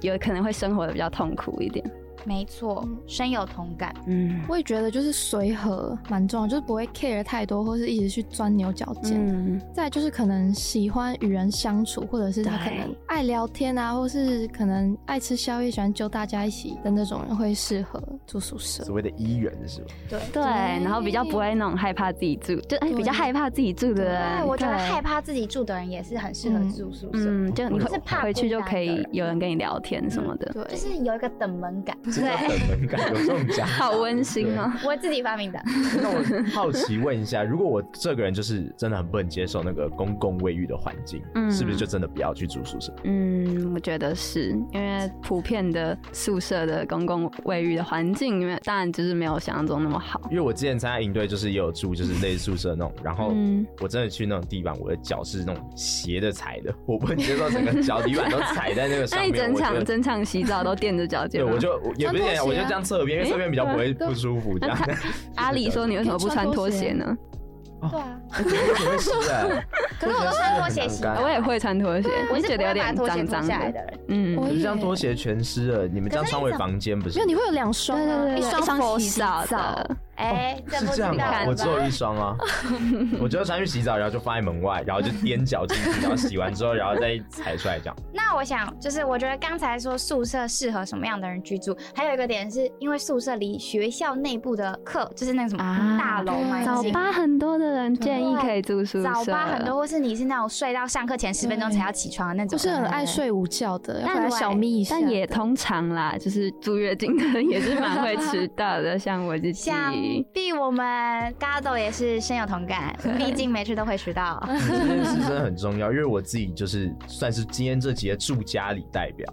有可能會生活的比較痛苦一點。沒錯，深有同感。嗯，我也覺得就是隨和蠻重要，就是不會 care 太多，或是一直去鑽牛角尖。嗯。再就是可能喜歡與人相處，或者是他可能愛聊天啊，或是可能愛吃宵夜，喜歡揪大家一起的那種人會適合住宿舍。所謂的依人是吧？對對。然後比較不會那種害怕自己住，就比較害怕自己住的人。對，我覺得害怕自己住的人也是很適合住宿舍。嗯，就你會回去就可以有人跟你聊天什麼的。對，就是有一個等門感。很感對有這種講 好溫馨哦！對我自己發明的。 那我好奇問一下，如果我這個人就是真的很不能接受那個公共衛浴的環境，嗯，是不是就真的不要去住宿舍？嗯，我覺得是因為普遍的宿舍的公共衛浴的環境，因為當然就是沒有想象中那麼好。因為我之前參加營隊，就是也有住，就是類似宿舍那種。然後我真的去那種地板，我的腳是那種斜着，踩的，我不能接受整個腳底板都踩在那個上面。我 整場整場洗澡都墊着腳尖， 對，我就。我也不是，我就這樣側邊，因為側邊比較不會不舒服。這樣，阿里說你為什麼不穿拖鞋呢？對啊，我可是我都穿拖鞋洗，我也會穿拖鞋。我是覺得有點髒髒的。嗯，可是這樣拖鞋全濕了。你們這樣穿回房間不行？沒有，你會有兩雙，一雙洗澡的。哎，是這樣的。我只有一雙啊，我覺得穿去洗澡，然後就放在門外，然後就踮腳進去然後洗完之後，然後再踩出來這樣。那我想，就是我覺得剛才說宿舍適合什麼樣的人居住，還有一個點是因為宿舍離學校內部的課，就是那個什麼大樓嘛。早八很多的人建議可以住宿舍。早八很多，或是你是那種睡到上課前十分鐘才要起床的那種，不是很愛睡午覺的，那種小秘但也通常啦，就是住月經的也是蠻會遲到的，像我自己。B，我們咖多也是深有同感，對畢竟每次都會遲到。這件事真的很重要，因為我自己就是算是今天這集的住家裡代表。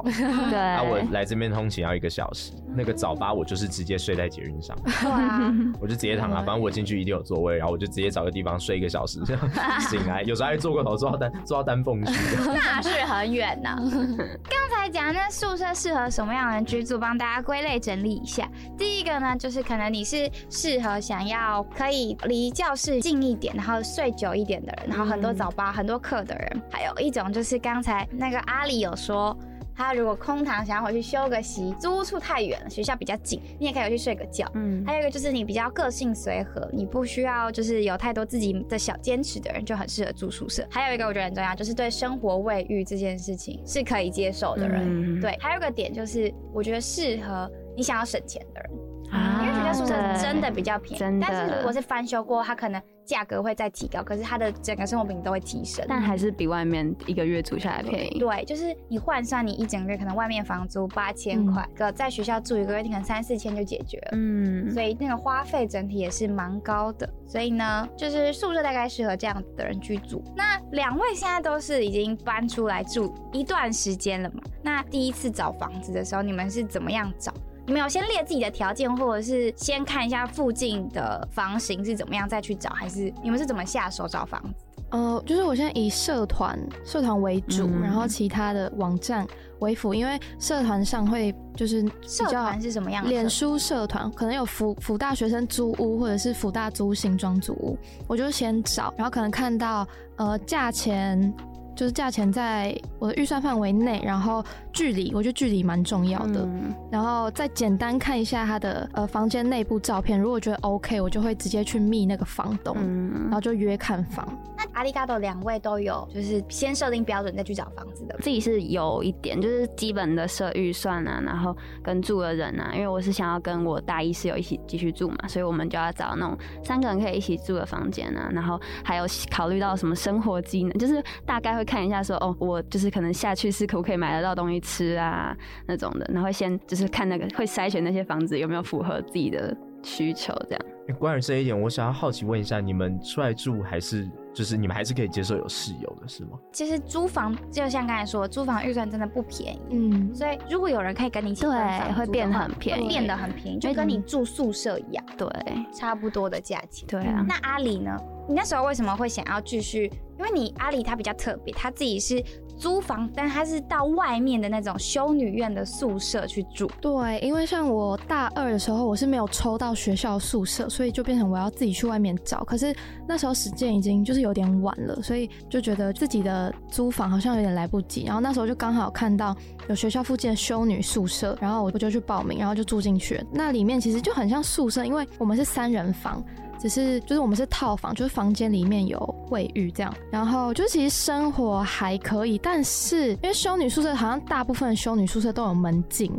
對，啊，我來這邊通勤要一個小時，那個早八我就是直接睡在捷運上。對啊，我就直接躺啊，反正我進去一定有座位，然後我就直接找個地方睡一個小時，這樣醒來 有時候還坐過頭，坐到丹 坐到丹鳳區，那是很遠呢、啊。剛 才講那宿舍適合什麼樣的人居住，幫大家歸類整理一下。第一個呢，就是可能你是。適合想要可以離教室近一點，然後睡久一點的人，然後很多早八、嗯、很多課的人，還有一種就是剛才那個阿里有說，他如果空堂想要回去休個息，租屋處太遠了，學校比較近，你也可以回去睡個覺。嗯，還有一個就是你比較個性隨和，你不需要就是有太多自己的小堅持的人，就很適合住宿舍。還有一個我覺得很重要，就是對生活衛浴這件事情是可以接受的人。嗯、對，還有一個點就是我覺得適合你想要省錢的人。嗯啊、因為學校宿舍真的比較便宜，但是如果是翻修過，它可能價格會再提高，可是它的整個生活品都會提升。但還是比外面一個月租下來便宜。對，就是你換算你一整個月，可能外面房租八千塊，嗯、個在學校住一個月可能三四千就解決了。嗯，所以那個花費整體也是蠻高的。所以呢，就是宿舍大概適合這樣子的人居住。那兩位現在都是已經搬出來住一段時間了嘛？那第一次找房子的時候，你們是怎麼樣找？你們有先列自己的條件，或者是先看一下附近的房型是怎麼樣，再去找，還是你們是怎麼下手找房子？呃，就是我現在以社團社團為主，嗯、然後其他的網站為輔，因為社團上會就是比較，社團是什麼樣的？臉書社團可能有輔、輔大學生租屋，或者是輔大租、新莊租屋，我就先找，然後可能看到呃價錢。就是價錢在我的預算範圍內，然後距離，我覺得距離蠻重要的，嗯、然後再簡單看一下他的呃房間內部照片，如果覺得 OK，我就會直接去密那個房東，嗯、然後就約看房。那阿里、咖多，兩位都有，就是先設定標準再去找房子的？自己是有一點，就是基本的設預算啊，然後跟住的人啊，因為我是想要跟我大一室友一起繼續住嘛，所以我們就要找那種三個人可以一起住的房間啊，然後還有考慮到什麼生活機能，就是大概會。看一下說，說哦，我就是可能下去是可不可以買得到東西吃啊那種的，然後先就是看那個會篩選那些房子有沒有符合自己的需求，這樣。欸，關於這一點，我想要好奇問一下，你們出來住還是？就是你們還是可以接受有室友的，是嗎？其實租房就像剛才說，租房預算真的不便宜，嗯，所以如果有人可以跟你一起，對，會變很便宜，變得很便宜，就跟你住宿舍一樣，對，對差不多的價錢，對啊。那阿里呢？你那時候為什麼會想要繼續？因為你阿里他比較特別，他自己是。租房，但他是到外面的那種修女院的宿舍去住。對，因為像我大二的時候，我是沒有抽到學校宿舍，所以就變成我要自己去外面找。可是那時候時間已經就是有點晚了，所以就覺得自己的租房好像有點來不及。然後那時候就剛好看到有學校附近的修女宿舍，然後我就去報名，然後就住進去了。那裡面其實就很像宿舍，因為我們是三人房。只是就是我們是套房，就是房間裡面有衛浴這樣，然後就其實生活還可以，但是因為修女宿舍好像大部分的修女宿舍都有門禁，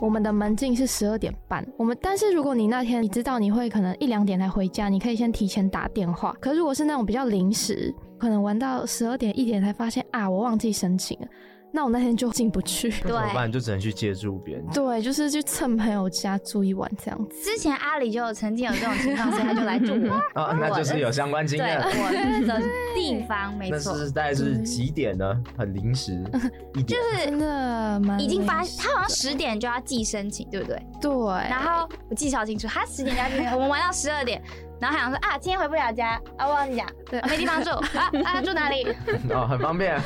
我們的門禁是十二點半，我們但是如果你那天你知道你會可能一兩點才回家，你可以先提前打電話，可是如果是那種比較臨時，可能玩到十二點一點才發現啊，我忘記申請了。那我那天就進不去，怎麼辦？就只能去借住別人。對，就是去蹭朋友家住一晚這樣子。之前阿里就曾經有這種情況，所以他就來住過。 哦，那就是有相關經驗。對，我的地方沒錯。那時大概是幾點呢？對很臨時，一點，就是已經發，他好像十點就要寄申請，對不對？對。然後我記超清楚，他十點要進去， 我們玩到十二點。然後還想說啊，今天回不了家，啊，我忘記講，對，沒地方住， 啊啊，住哪裡？ 哦，很方便，啊、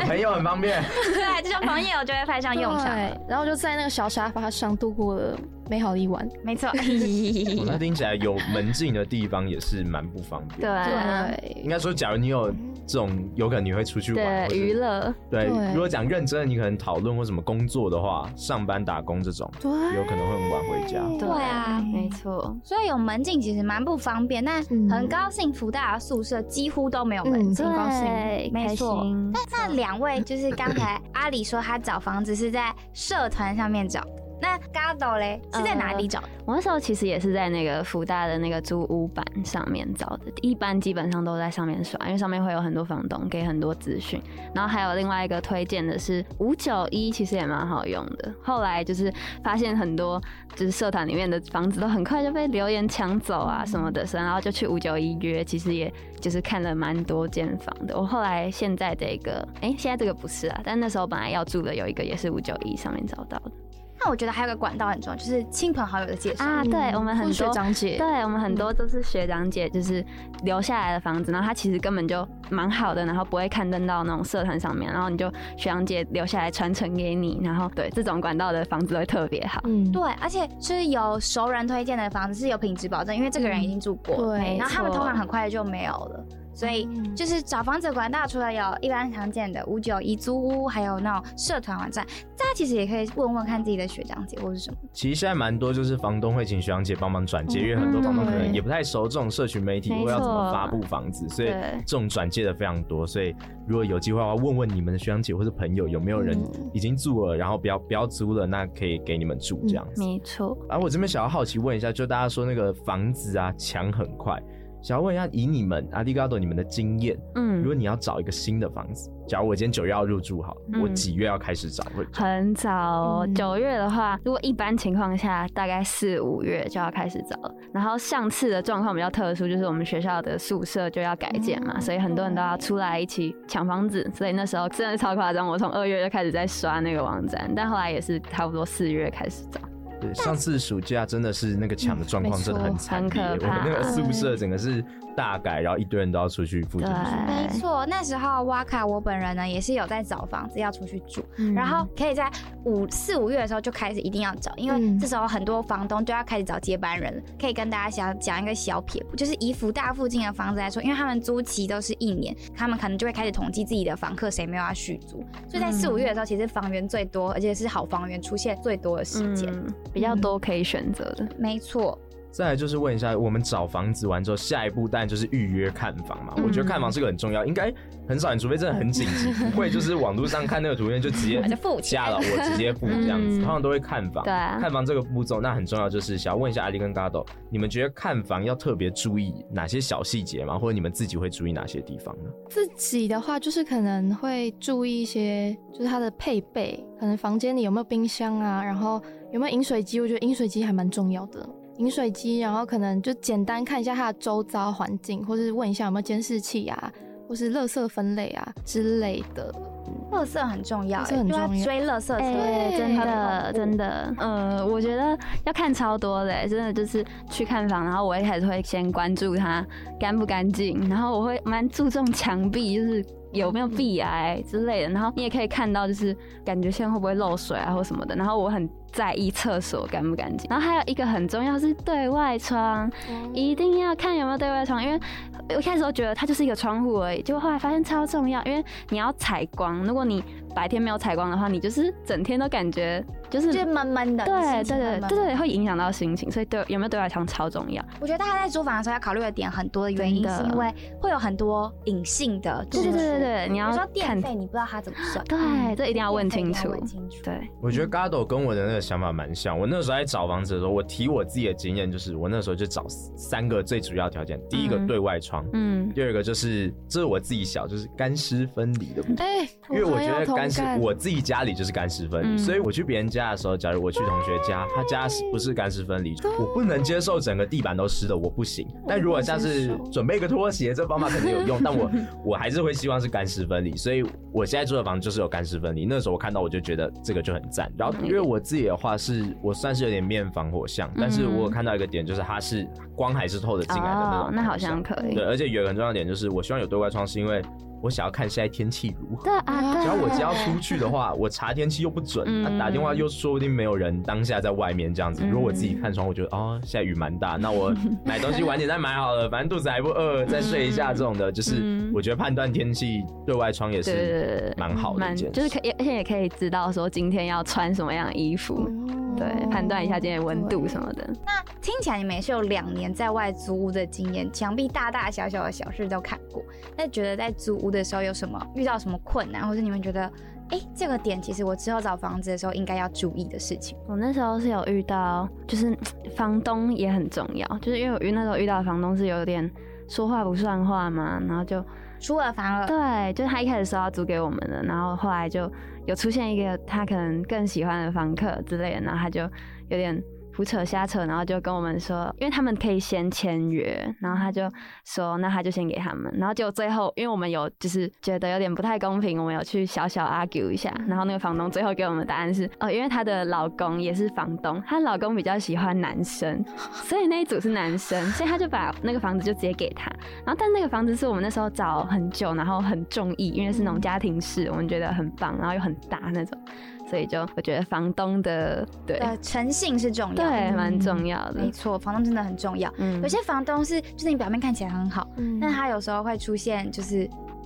朋友很方便，對，這種朋友就會派上用場，然後就在那個小沙發上度過了。美好的一晚，沒錯。那聽起來有門禁的地方也是蠻不方便。對，應該說，假如你有這種，有可能你會出去玩、娛樂。對，如果講認真，你可能討論或什麼工作的話，上班打工這種，對，有可能會很晚回家。對啊，沒錯。所以有門禁其實蠻不方便，但很高興輔大宿舍幾乎都沒有門禁。對，沒錯。但那兩位就是剛才阿里說他找房子是在社團上面找那咖多嘞，是在哪裡找的，呃？我那時候其實也是在那個福大的那個租屋板上面找的，一般基本上都在上面刷，因為上面會有很多房東給很多資訊。然後還有另外一個推薦的是五九一，其實也蠻好用的。後來就是發現很多就是社團裡面的房子都很快就被留言搶走啊什麼的，然後就去五九一約，其實也就是看了蠻多間房的。我後來現在這個哎，欸，現在這個不是啊，但那時候本來要住的有一個也是五九一上面找到的。那我覺得還有個管道很重要，就是親朋好友的介紹啊。對，我們很多學長姐，對我們很多都是學長姐，就是留下來的房子，嗯、然後他其實根本就蠻好的，然後不會刊登到那種社團上面，然後你就學長姐留下來傳承給你，然後對這種管道的房子會特別好。嗯，對，而且是有熟人推薦的房子是有品質保證，因為這個人已經住過，嗯、對，沒錯。然後他們通常很快就沒有了。所以就是找房子管道，除了有一般常見的五九一租屋，還有那種社團網站，大家其實也可以問問看自己的學長姐或是什麼。其實現在蠻多就是房東會請學長姐幫忙轉接，嗯、因為很多房東可能也不太熟這種社群媒體，嗯、或要怎麼發布房子，沒錯，所以這種轉接的非常多。所以如果有機會的話，問問你們的學長姐或是朋友，有沒有人已經住了，嗯、然後不要不要租了，那可以給你們住這樣子，嗯。沒錯。啊，我這邊想要好奇問一下，就大家說那個房子啊，搶很快。想要問一下，以你們阿迪 gado 你們的經驗，嗯，如果你要找一個新的房子，假如我今天九月要入住，好，嗯、我幾月要開始找會？很早、喔，九、嗯、月的話，如果一般情況下，大概四五月就要開始找了。然後上次的狀況比較特殊，就是我們學校的宿舍就要改建嘛，嗯、所以很多人都要出來一起搶房子，所以那時候真的超誇張。我從二月就開始在刷那個網站，但後來也是差不多四月開始找。對，嗯，上次暑假真的是那個搶的狀況真的很慘，嗯，我們那個宿舍整個是大概，然後一堆人都要出去附近住。租對。沒錯，那時候挖卡，我本人呢也是有在找房子要出去住，嗯、然後可以在五四五月的時候就開始一定要找，因為這時候很多房東都要開始找接班人了。嗯、可以跟大家想講一個小撇步，就是以輔大附近的房子來說，因為他們租期都是一年，他們可能就會開始統計自己的房客誰沒有要續租，所以在四五月的時候，其實房源最多，而且是好房源出現最多的時間，嗯，比較多可以選擇的。嗯嗯、沒錯。再來就是問一下，我們找房子完之後，下一步當然就是預約看房嘛。我覺得看房這個很重要，應該很少人，除非真的很緊急，會就是網路上看那個圖片就直接下了，我直接付這樣子，通常都會看房。對，看房這個步驟那很重要，就是想要問一下阿裡跟 Gado，你們覺得看房要特別注意哪些小細節嗎？或者你們自己會注意哪些地方呢？自己的話就是可能會注意一些，就是它的配備，可能房間裡有沒有冰箱啊，然後有沒有飲水機，我覺得飲水機還蠻重要的。飲水機，然後可能就簡單看一下它的周遭環境，或是問一下有沒有監視器啊，或是垃圾分類啊之類的。垃圾很重要，就很重要，要追垃圾車、欸，真的真的，真的呃，我覺得要看超多嘞，真的就是去看房，然後我也還是會先關注它乾不乾淨，然後我會蠻注重牆壁，就是。有沒有壁癌之類的？然後你也可以看到，就是感覺現在會不會漏水啊，或什麼的。然後我很在意廁所乾不乾淨。然後還有一個很重要是對外窗，嗯、一定要看有沒有對外窗，因為我一開始我覺得它就是一個窗戶而已，結果後來發現超重要，因為你要採光。如果你白天沒有採光的話，你就是整天都感覺就是悶悶的。對對對對對，會影響到心情，所以對有沒有對外窗超重要。我覺得大家在租房的時候要考慮的點很多，的原因是因為會有很多隱性的，對對對對對。你要說電費，你不知道他怎麼算。對，這一定要問清楚。對，我覺得咖多跟我的那個想法蠻像。我那時候在找房子的時候，我提我自己的經驗，就是我那時候就找三個最主要條件，第一個對外窗，嗯，第二個就是這是我自己小，就是乾濕分離的。哎，因為我覺得。乾濕，我自己家裡就是乾濕分離，嗯、所以我去別人家的時候，假如我去同學家，哎、他家是不是乾濕分離，我不能接受整個地板都是濕的，我不行。不但如果像是準備個拖鞋，這方法肯定有用， 但我我還是會希望是乾濕分離。所以我現在住的房子就是有乾濕分離，那時候我看到我就覺得這個就很讚。然後因為我自己的話是我算是有點面防火巷，但是我有看到一個點就是它是。光還是透着進來的那種，oh, 那好像可以。對，而且有一個很重要點就是，我希望有對外窗，是因為我想要看現在天氣如何。對啊，對。只要我只要出去的話，我查天氣又不準，嗯啊，打電話又說不定沒有人，當下在外面這樣子。如果我自己看窗，我覺得啊、嗯哦，現在雨蠻大，那我買東西晚點再買好了， 反正肚子還不餓，再睡一下這種的，嗯、就是我覺得判斷天氣對外窗也是蠻好的，蠻就是可以，而且也可以知道說今天要穿什麼樣的衣服。Oh. 對，判斷一下今天溫度什麼的。Oh, 那聽起來你們也是有兩年在外租屋的經驗，想必大大小小的小事都看過。那覺得在租屋的時候有什麼遇到什麼困難，或者你們覺得，哎，這個點其實我之後找房子的時候應該要注意的事情。我那時候是有遇到，就是房東也很重要，就是因為我那時候遇到房東是有點說話不算話嘛，然後就出爾反爾。對，就是他一開始說要租給我們的，然後後來就。有出現一個他可能更喜歡的房客之類的，然後他就有點。胡扯瞎扯，然後就跟我們說，因為他們可以先簽約，然後他就說，那他就先給他們，然後就最後，因為我們有就是覺得有點不太公平，我們有去小小 argue 一下，然後那個房東最後給我們的答案是，哦，因為他的老公也是房東，她老公比較喜歡男生，所以那一組是男生，所以他就把那個房子，就直接給他，然後但那個房子是我們那時候找很久，然後很中意，因為是那種家庭式，我們覺得很棒，然後又很大那種。所以就我覺得房東的對誠信是重要，蠻重要的。沒錯，房東真的很重要。有些房東是就是你表面看起來很好，但他有時候會出現就是，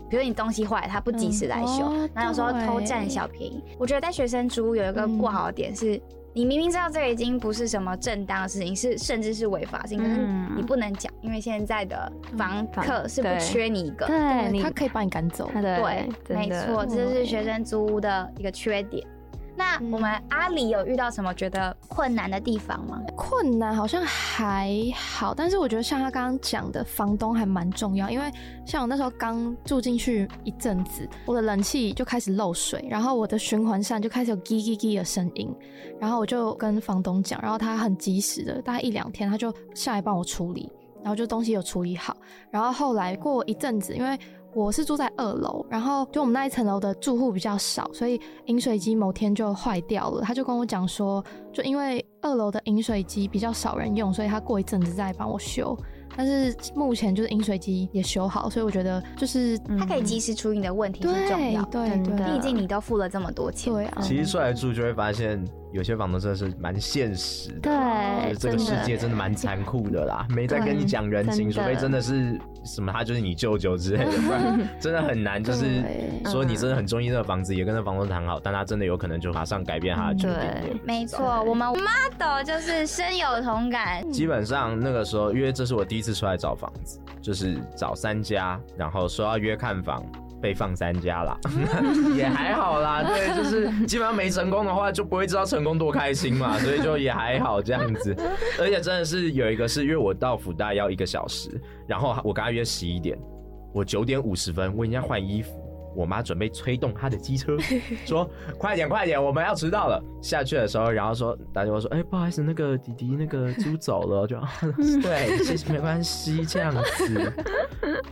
比如你東西壞，他不及時來修，然後有時候偷占小便宜。我覺得在學生租屋有一個不好的點是，你明明知道這已經不是什麼正當的事情，是甚至是違法性，可是你不能講，因為現在的房客是不缺你一個，對，他可以把你趕走。對，沒錯，這是學生租屋的一個缺點。那我們阿里有遇到什麼、嗯、覺得困難的地方嗎？困難好像還好，但是我覺得像他剛剛講的，房東還蠻重要，因為像我那時候剛住進去一陣子，我的冷氣就開始漏水，然後我的循環扇就開始有嘰嘰嘰的聲音，然後我就跟房東講，然後他很及時的，大概一兩天他就下來幫我處理，然後就東西有處理好，然後後來過一陣子，因為。我是住在二樓，然後就我們那一層樓的住戶比較少，所以飲水機某天就壞掉了。他就跟我講說，就因為二樓的飲水機比較少人用，所以他過一陣子再幫我修。但是目前就是飲水機也修好，所以我覺得就是、嗯、他可以及時處理你的問題，很重要。對對對，畢竟你都付了這麼多錢。對啊，其實出來住就會發現。有些房東真的是蠻現實的，對，這個世界真的蠻殘酷的啦，的沒在跟你講人情，除非真的是什麼他就是你舅舅之類的， 不然真的很難，就是說你真的很中意這個房子，也跟這房東談好，但他真的有可能就馬上改變他的決定。嗯、對，沒錯，我們 model 就是深有同感。嗯、基本上那個時候，因為這是我第一次出來找房子，就是找三家，然後說要約看房。被放三家啦， 也還好啦。對，就是基本上沒成功的話，就不會知道成功多開心嘛，所以就也還好這樣子。而且真的是有一個，是因為我到輔大要一個小時，然後我跟他約十一點，我九點五十分，問人家換衣服。我媽準備催動她的機車，說：“快點快點，我們要遲到了。”下去的時候，然後說：“大家都說，哎、欸，不好意思，那個弟弟那個豬走了就，對，其實 沒關係，這樣子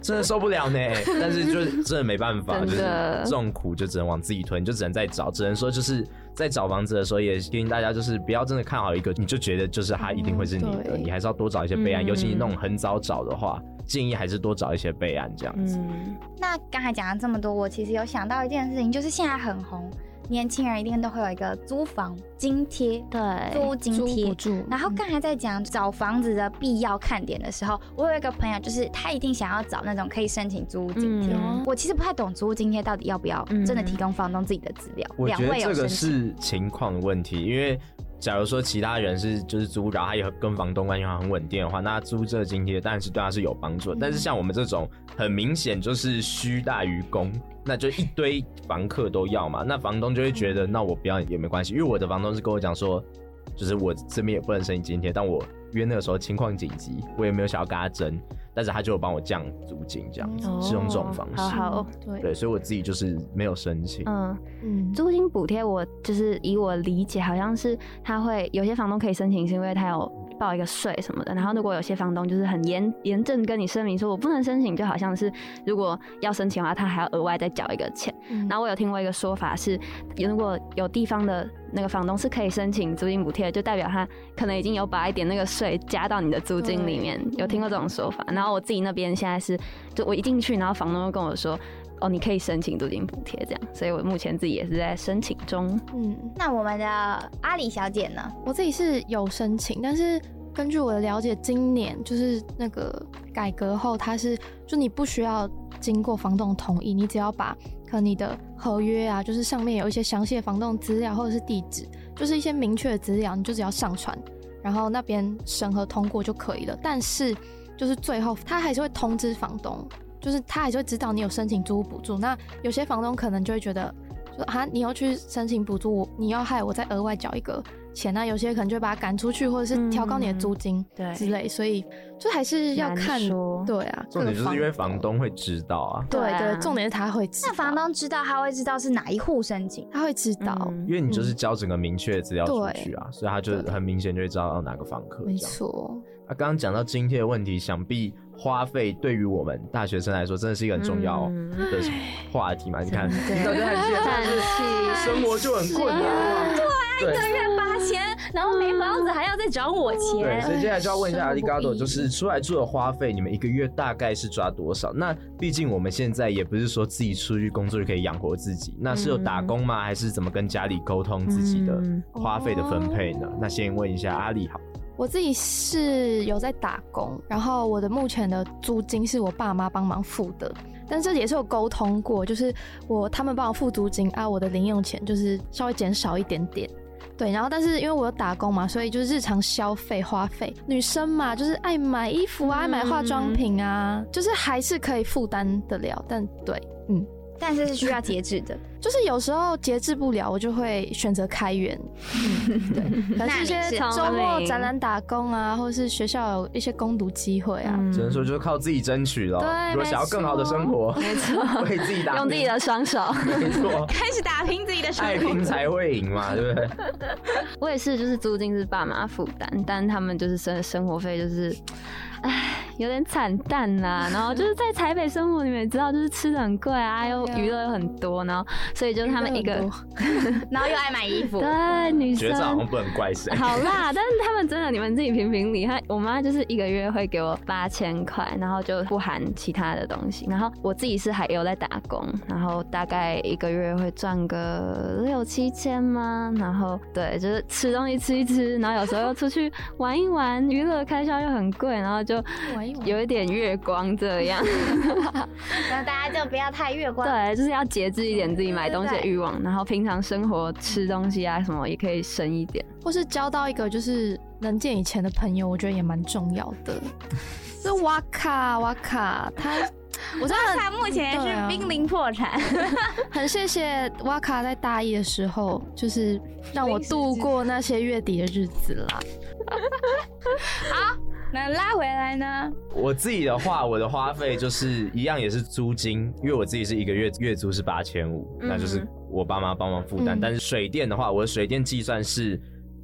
真的受不了呢、欸。但是就是真的沒辦法，的就是這種苦就只能往自己吞，就只能再找，只能說就是。”在找房子的時候，也建議大家就是不要真的看好一個，你就覺得就是它一定會是你的，哦、你還是要多找一些備案。嗯、尤其你那種很早找的話，建議還是多找一些備案這樣子。嗯、那剛才講了這麼多，我其實有想到一件事情，就是現在很紅。年輕人一定都會有一個租房津貼，對，租津貼。嗯、然後剛才在講找房子的必要看點的時候，我有一個朋友，就是他一定想要找那種可以申請租津貼。嗯哦、我其實不太懂租津貼到底要不要真的提供房東自己的資料。我覺得這個是情況的問題，因為、嗯。假如說其他人是就是租，然後他也跟房東關係很穩定的話，那租這個津貼當然是對他是有幫助。嗯、但是像我們這種很明顯就是需大於供，那就一堆房客都要嘛，那房東就會覺得，那我不要也沒關係，因為我的房東是跟我講說，就是我這邊也不能申請津貼，但我。因為那個時候情況緊急，我也沒有想要跟他爭，但是他就會幫我降租金，這樣子、哦、是用這種方式。好，好，哦、對，對，所以我自己就是沒有申請。嗯嗯，租金補貼我就是以我理解，好像是他會有些房東可以申請，是因為他有報一個稅什麼的。然後如果有些房東就是很嚴嚴正跟你聲明說我不能申請，就好像是如果要申請的話，他還要額外再繳一個錢。嗯、然後我有聽過一個說法是，如果有地方的。那個房東是可以申請租金補貼的，就代表他可能已經有把一點那個稅加到你的租金裡面，對有聽過這種說法？嗯、然後我自己那邊現在是，就我一進去，然後房東又跟我說，哦，你可以申請租金補貼，這樣，所以我目前自己也是在申請中。嗯，那我們的阿里小姐呢？我自己是有申請，但是根據我的了解，今年就是那個改革後，它是就你不需要經過房東同意，你只要把。和你的合約啊，就是上面有一些詳細的房東資料或者是地址，就是一些明確的資料，你就只要上傳，然後那邊審核通過就可以了。但是就是最後他還是會通知房東，就是他還是會知道你有申請租屋補助。那有些房東可能就會覺得，說啊你要去申請補助我，我你要害我再額外交一個。錢啊，有些可能就把他趕出去，或者是調高你的租金，對，之類，所以就還是要看，對啊，重點就是因為房東會知道啊，對對，重點是他會，那房東知道他會知道是哪一戶申請，他會知道，因為你就是交整個明確的資料出去啊，所以他就很明顯就會知道到哪個房客，沒錯。那剛剛講到津貼的問題，想必花費對於我們大學生來說真的是一個很重要的話題嘛？你看，生活就很困難，對對。然後沒房子還要再找我錢、嗯，對，所以接下來就要問一下阿里、咖多，就是出來住的花費，你們一個月大概是抓多少？那畢竟我們現在也不是說自己出去工作就可以養活自己，那是有打工嗎？還是怎麼跟家裡溝通自己的花費的分配呢？嗯、那先問一下阿里好。我自己是有在打工，然後我的目前的租金是我爸媽幫忙付的，但是也是有溝通過，就是我他們幫我付租金啊，我的零用錢就是稍微減少一點點。對，然後但是因為我有打工嘛，所以就是日常消費花費，女生嘛就是愛買衣服啊，嗯、愛買化妝品啊，就是還是可以負擔得了，但對，嗯。但是是需要節制的， 就是有時候節制不了，我就會選擇開源、 嗯，對，可能是一些周末展覽打工啊，或者是學校有一些工讀機會啊，嗯、只能說就是靠自己爭取嘍、喔。對，如果想要更好的生活，沒錯錯，為 自己打，用自己的雙手，沒錯錯， 開始打拼自己的生活，拼才 會贏嘛，對不對？ 我也是，就是租金是爸媽負擔，但他們就是生生活費就是，唉。有點慘淡吶，然後就是在台北生活，你們也知道，就是吃的很貴啊， 哎、呦又娛樂又很多，然後所以就他們一個，然後又愛買衣服， 對，女生。覺得好啦，但是他們真的，你們自己評評理。 他，我媽就是一個月會給我八千塊，然後就不含其他的東西。然後我自己是還有在打工，然後大概一個月會賺個六七千嗎？然後對，就是吃東西吃一吃，然後有時候又出去玩一玩，娛樂 開銷又很貴，然後就。玩一有一點月光這樣， 那大家就不要太月光。 對，就是要節制一點自己買東西的慾望，然後平常生活吃東西啊什麼也可以省一點。或是交到一個就是能見以前的朋友，我覺得也蠻重要的。是瓦卡瓦卡，他 我知道他目前是瀕臨破產。對啊，很謝謝瓦卡在大一的時候，就是讓我度過那些月底的日子了。 好。那拉回來呢？我自己的話，我的花費就是一樣，也是租金，因為我自己是一個月月租是八千五，hmm. 那就是我爸媽幫忙負擔。Mm hmm. 但是水電的話，我的水電計算是，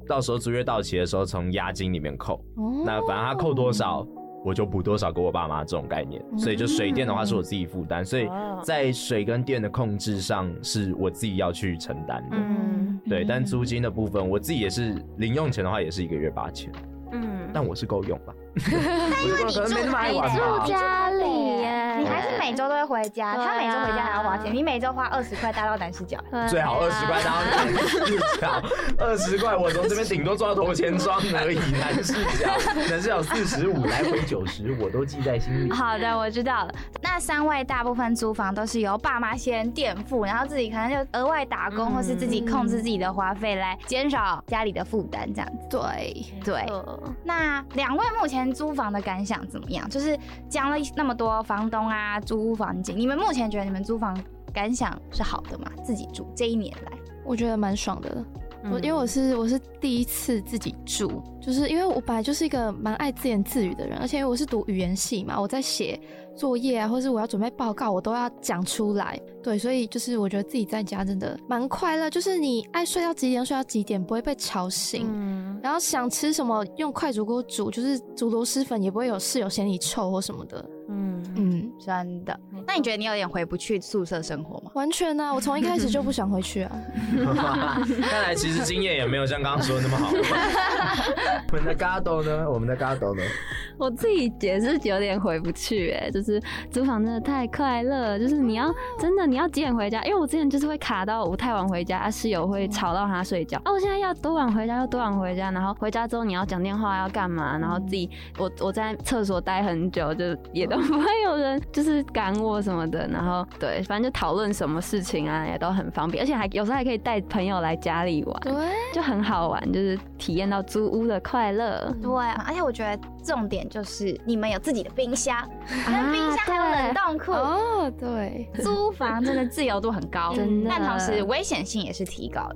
到時候租約到期的時候從押金裡面扣。Oh. 那反正他扣多少，我就補多少給我爸媽這種概念。所以就水電的話是我自己負擔，所以在水跟電的控制上是我自己要去承擔的。Mm hmm. 對，但租金的部分我自己也是零用錢的話也是一個月八千。嗯，但我是夠用吧。因為你住住家裡耶，你還是每周都會回家，他每周回家還要花錢，你每周花二十塊搭到南勢角，最好二十塊搭到南勢角，二十塊我從這邊頂多坐到頭前莊而已，南勢角南勢角四十五來回九十，我都記在心裡。好的，我知道了。那三位大部分租房都是由爸媽先墊付，然後自己可能就額外打工或是自己控制自己的花費來減少家裡的負擔，這樣子。對對。那兩位目前。租房的感想怎麼樣？就是講了那麼多房東啊，租屋環境，你們目前覺得你們租房感想是好的嗎？自己住這一年來，我覺得蠻爽的。我因為我是我是第一次自己住，嗯、就是因為我本來就是一個蠻愛自言自語的人，而且因為我是讀語言系嘛，我在寫。作業啊，或是我要準備報告，我都要講出來。對，所以就是我覺得自己在家真的蠻快樂，就是你愛睡到幾點睡到幾點不會被吵醒，嗯、然後想吃什麼用快煮鍋煮，就是煮螺螄粉也不會有室友嫌你臭或什麼的。嗯嗯，嗯，真的。那你覺得你有點回不去宿舍生活嗎？完全啊，我從一開始就不想回去啊。看來其實經驗也沒有像剛剛說的那麼好。 我們的咖多呢？我們的咖多呢？我自己也是有點回不去哎、欸，就是租租房真的太快樂，oh. 就是你要真的你要幾點回家？因為我之前就是會卡到我太晚回家，啊室友會吵到他睡覺。Oh. 哦我現在要多晚回家？要多晚回家？然後回家之後你要講電話、mm. 要幹嘛？然後自己我我在廁所待很久，就也都不會有人就是趕我什麼的。然後對，反正就討論什麼事情啊，也都很方便，而且還有時候還可以帶朋友來家裡玩，對，就很好玩，就是體驗到租屋的快樂。Mm. 對，而且我覺得重點就是你們有自己的冰箱啊。 冰箱還有冷凍庫、啊、哦，對，租房真的自由度很高， 真的，但同時危險性也是提高的。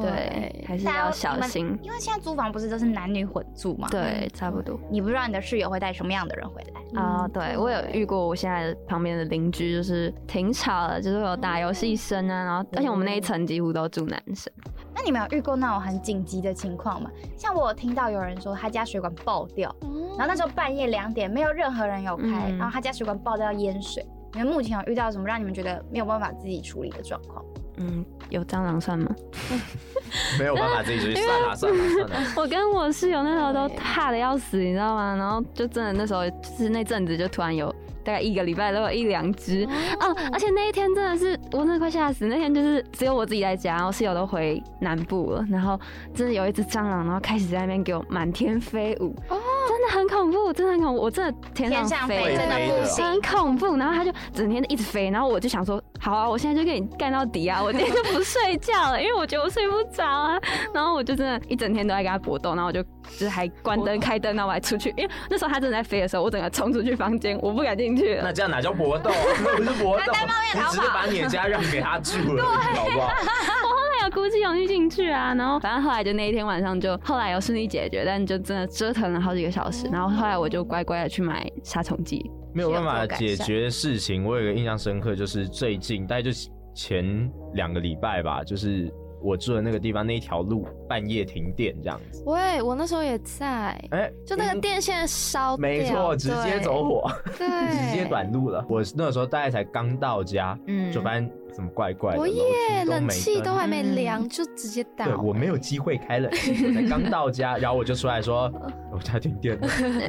對，還是要小心，因為現在租房不是都是男女混住嗎？對，差不多。你不知道你的室友會帶什麼樣的人回來啊、哦？對，我有遇過，我現在旁邊的鄰居就是挺吵的，就是我有打遊戲聲啊，嗯、然後而且我們那一層幾乎都住男生。嗯、那你們有遇過那種很緊急的情況嗎？像我聽到有人說他家水管爆掉，嗯、然後那時候半夜兩點，沒有任何人有開，嗯、然後他家水管爆掉淹水。你們目前有遇到什麼讓你們覺得沒有辦法自己處理的狀況？嗯，有蟑螂算嗎？ 沒有辦法自己出去殺它算了。 我跟我室友那時候都怕的要死，對你知道嗎？然後就真的那時候就是那陣子，就突然有大概一個禮拜都有一兩隻啊，而且那一天真的是我真的快嚇死，那天就是只有我自己在家，然後室友都回南部了，然後真的有一隻蟑螂，然後開始在那邊給我滿天飛舞。真的很恐怖，真的很恐怖，我真的天天上飛，飛的啊，真的不行，很恐怖。然後他就整天一直飛，然後我就想說，好啊，我現在就跟你幹到底啊！ 我今天就不睡覺了，因為我覺得我睡不着啊。然後我就真的，一整天都在跟他搏鬥，然後我就就是還關燈、開燈我，然後我還出去，因為那時候他正在飛的時候，我整個衝出去房間，我不敢進去了，那這樣哪叫搏鬥？啊、 那不是搏鬥，他直接把你家讓給他住了， 我還好不好？鼓起勇氣進去啊，然後反正後來就那一天晚上就後來有順利解決，但就真的折騰了好幾個小時，哦、然後後來我就乖乖的去買殺蟲劑，沒有辦法解決的事情。我有一個印象深刻，就是最近大概就前兩個禮拜吧，就是我住的那個地方那一條路半夜停電這樣子。喂，我那時候也在，哎、欸，就那個電線燒、嗯，沒錯，對直接走火，對，直接短路了。我那時候大概才剛到家，嗯，就反正。怎麼怪怪的？我也，冷氣都還沒涼就直接打。對，我沒有機會開冷氣，我才剛到家，然後我就出來說我家停電，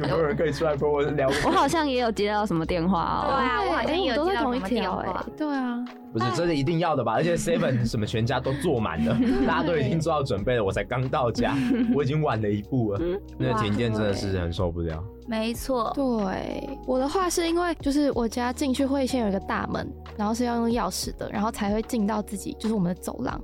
有沒有人可以出來陪我聊。我好像也有接到什麼電話哦。對啊，我好像也都是同一條哎，對啊，不是這是一定要的吧？而且 Seven 什麼全家都坐滿了，大家都已經做好準備了，我才剛到家，我已經晚了一步了。那停電真的是很受不了。沒錯，對我的話是因為就是我家進去會先有一個大門，然後是要用鑰匙的，然後才會進到自己就是我們的走廊。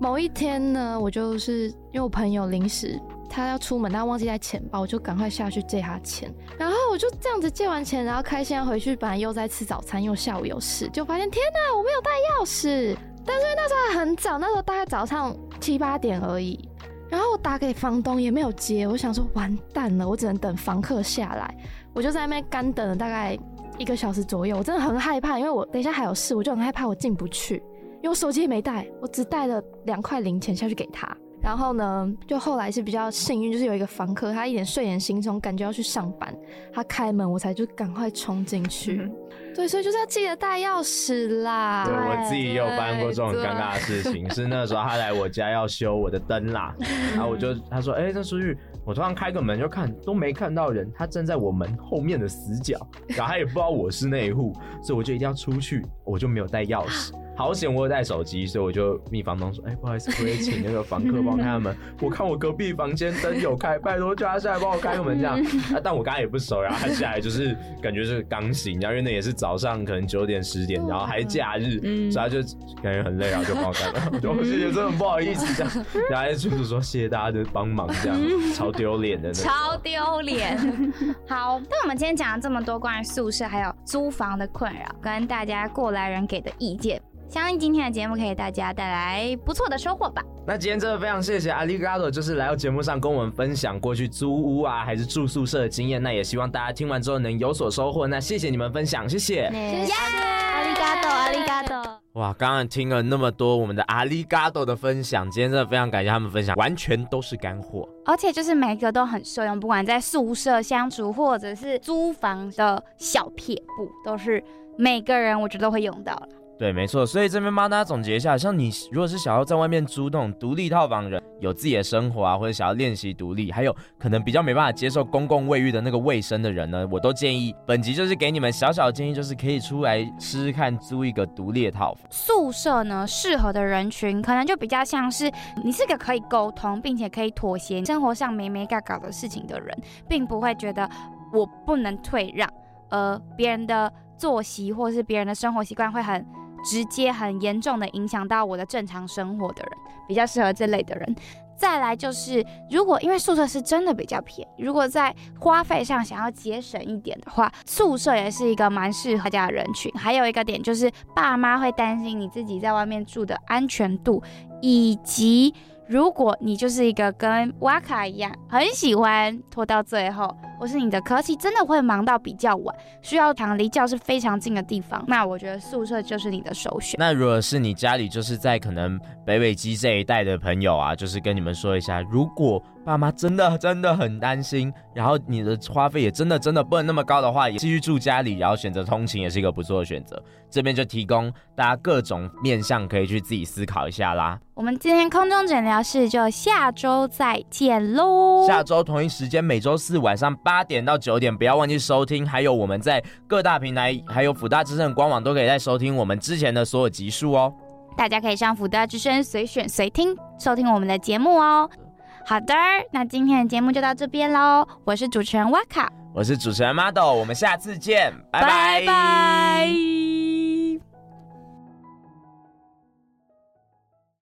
某一天呢，我就是因為我朋友臨時他要出門，他忘記帶錢包，我就趕快下去借他錢。然後我就這樣子借完錢，然後開心回去，本來又在吃早餐，又下午有事，就發現天哪，我沒有帶鑰匙。但是那時候很早，那時候大概早上七八點而已。然後打給房東也沒有接，我想說完蛋了，我只能等房客下來，我就在那邊乾等了大概一個小時左右，我真的很害怕，因為我等一下還有事，我就很害怕我進不去，因為我手機也沒帶，我只帶了兩塊零錢下去給他。然後呢，就後來是比較幸運，就是有一個房客，他一點睡眼惺忪，感覺要去上班，他開門，我才就趕快衝進去。嗯、哼對，所以就是要記得帶鑰匙啦。對，對對我自己也有辦過這種很尷尬的事情，對是那時候他來我家要修我的燈啦， 然後我就他說，哎、欸，那出去，我突然開個門就看都沒看到人，他站在我門後面的死角，然後他也不知道我是那一戶， 所以我就一定要出去。我就沒有帶鑰匙，好險我有帶手機，所以我就密房東說：“哎、欸，不好意思，可，可以請那個房客幫我開下門？ 嗯、我看我隔壁房間燈有開，拜託叫他下來幫我開個門，嗯、這樣。啊”但我剛才也不熟，然後他下來就是感覺是剛醒，然後因為那也是早上，可能九點十點，然後還假日，嗯、所以他就感覺很累，然後就幫我開門。我就覺得謝謝，真的不好意思，這樣，然後就是說謝謝大家的幫忙，這樣超丟臉的，超丟臉。好，那我們今天講了這麼多關於宿舍還有租房的困擾，跟大家過，來人給的意見，相信今天的節目可以大家帶來不錯的收穫吧。那今天真的非常謝謝阿里咖多，就是來到節目上跟我們分享過去租屋啊，還是住宿舍的經驗。那也希望大家聽完之後能有所收穫。那謝謝你們分享，謝謝，謝謝阿里咖多，阿里咖多。哇，剛剛聽了那麼多我們的阿里咖多的分享，今天真的非常感謝他們分享，完全都是乾貨，而且就是每一個都很受用，不管在宿舍相處或者是租房的小撇步，都是。每個人我覺得都會用到了，對，沒錯。所以這邊幫大家總結一下，像你如果是想要在外面租那種獨立套房的人，有自己的生活啊，或者想要練習獨立，還有可能比較沒辦法接受公共衛浴的那個衛生的人呢，我都建議。本集就是給你們小小的建議，就是可以出來試試看租一個獨立的套房。宿舍呢，適合的人群可能就比較像是你是個可以溝通並且可以妥協，生活上沒沒尬搞的事情的人，並不會覺得我不能退讓，而別人的。作息或是別人的生活習慣會很直接、很嚴重地影響到我的正常生活的人，比較適合這類的人。再來就是，如果因為宿舍是真的比較便宜，如果在花費上想要節省一點的話，宿舍也是一個蠻適合這樣的人群。還有一個點就是，爸媽會擔心你自己在外面住的安全度，以及。如果你就是一個跟瓦卡一樣很喜歡拖到最後，或是你的科技，真的會忙到比較晚，需要躺離教室非常近的地方，那我覺得宿舍就是你的首選。那如果是你家裡就是在可能北北基這一帶的朋友啊，就是跟你們說一下，如果。爸媽真的真的很擔心，然後你的花費也真的真的不能那麼高的話，也繼續住家裡，然後選擇通勤也是一個不錯的選擇。這邊就提供大家各種面向，可以去自己思考一下啦。我們今天空中診療室就下周再見嘍。下周同一時間，每周四晚上八點到九點，不要忘記收聽。還有我們在各大平台，還有輔大之聲官網都可以再收聽我們之前的所有集數哦。大家可以上輔大之聲隨選隨聽，收聽我們的節目哦。好的，那今天的節目就到這邊嘍。我是主持人哇卡，我是主持人 Model。我們下次見，拜拜。Bye bye。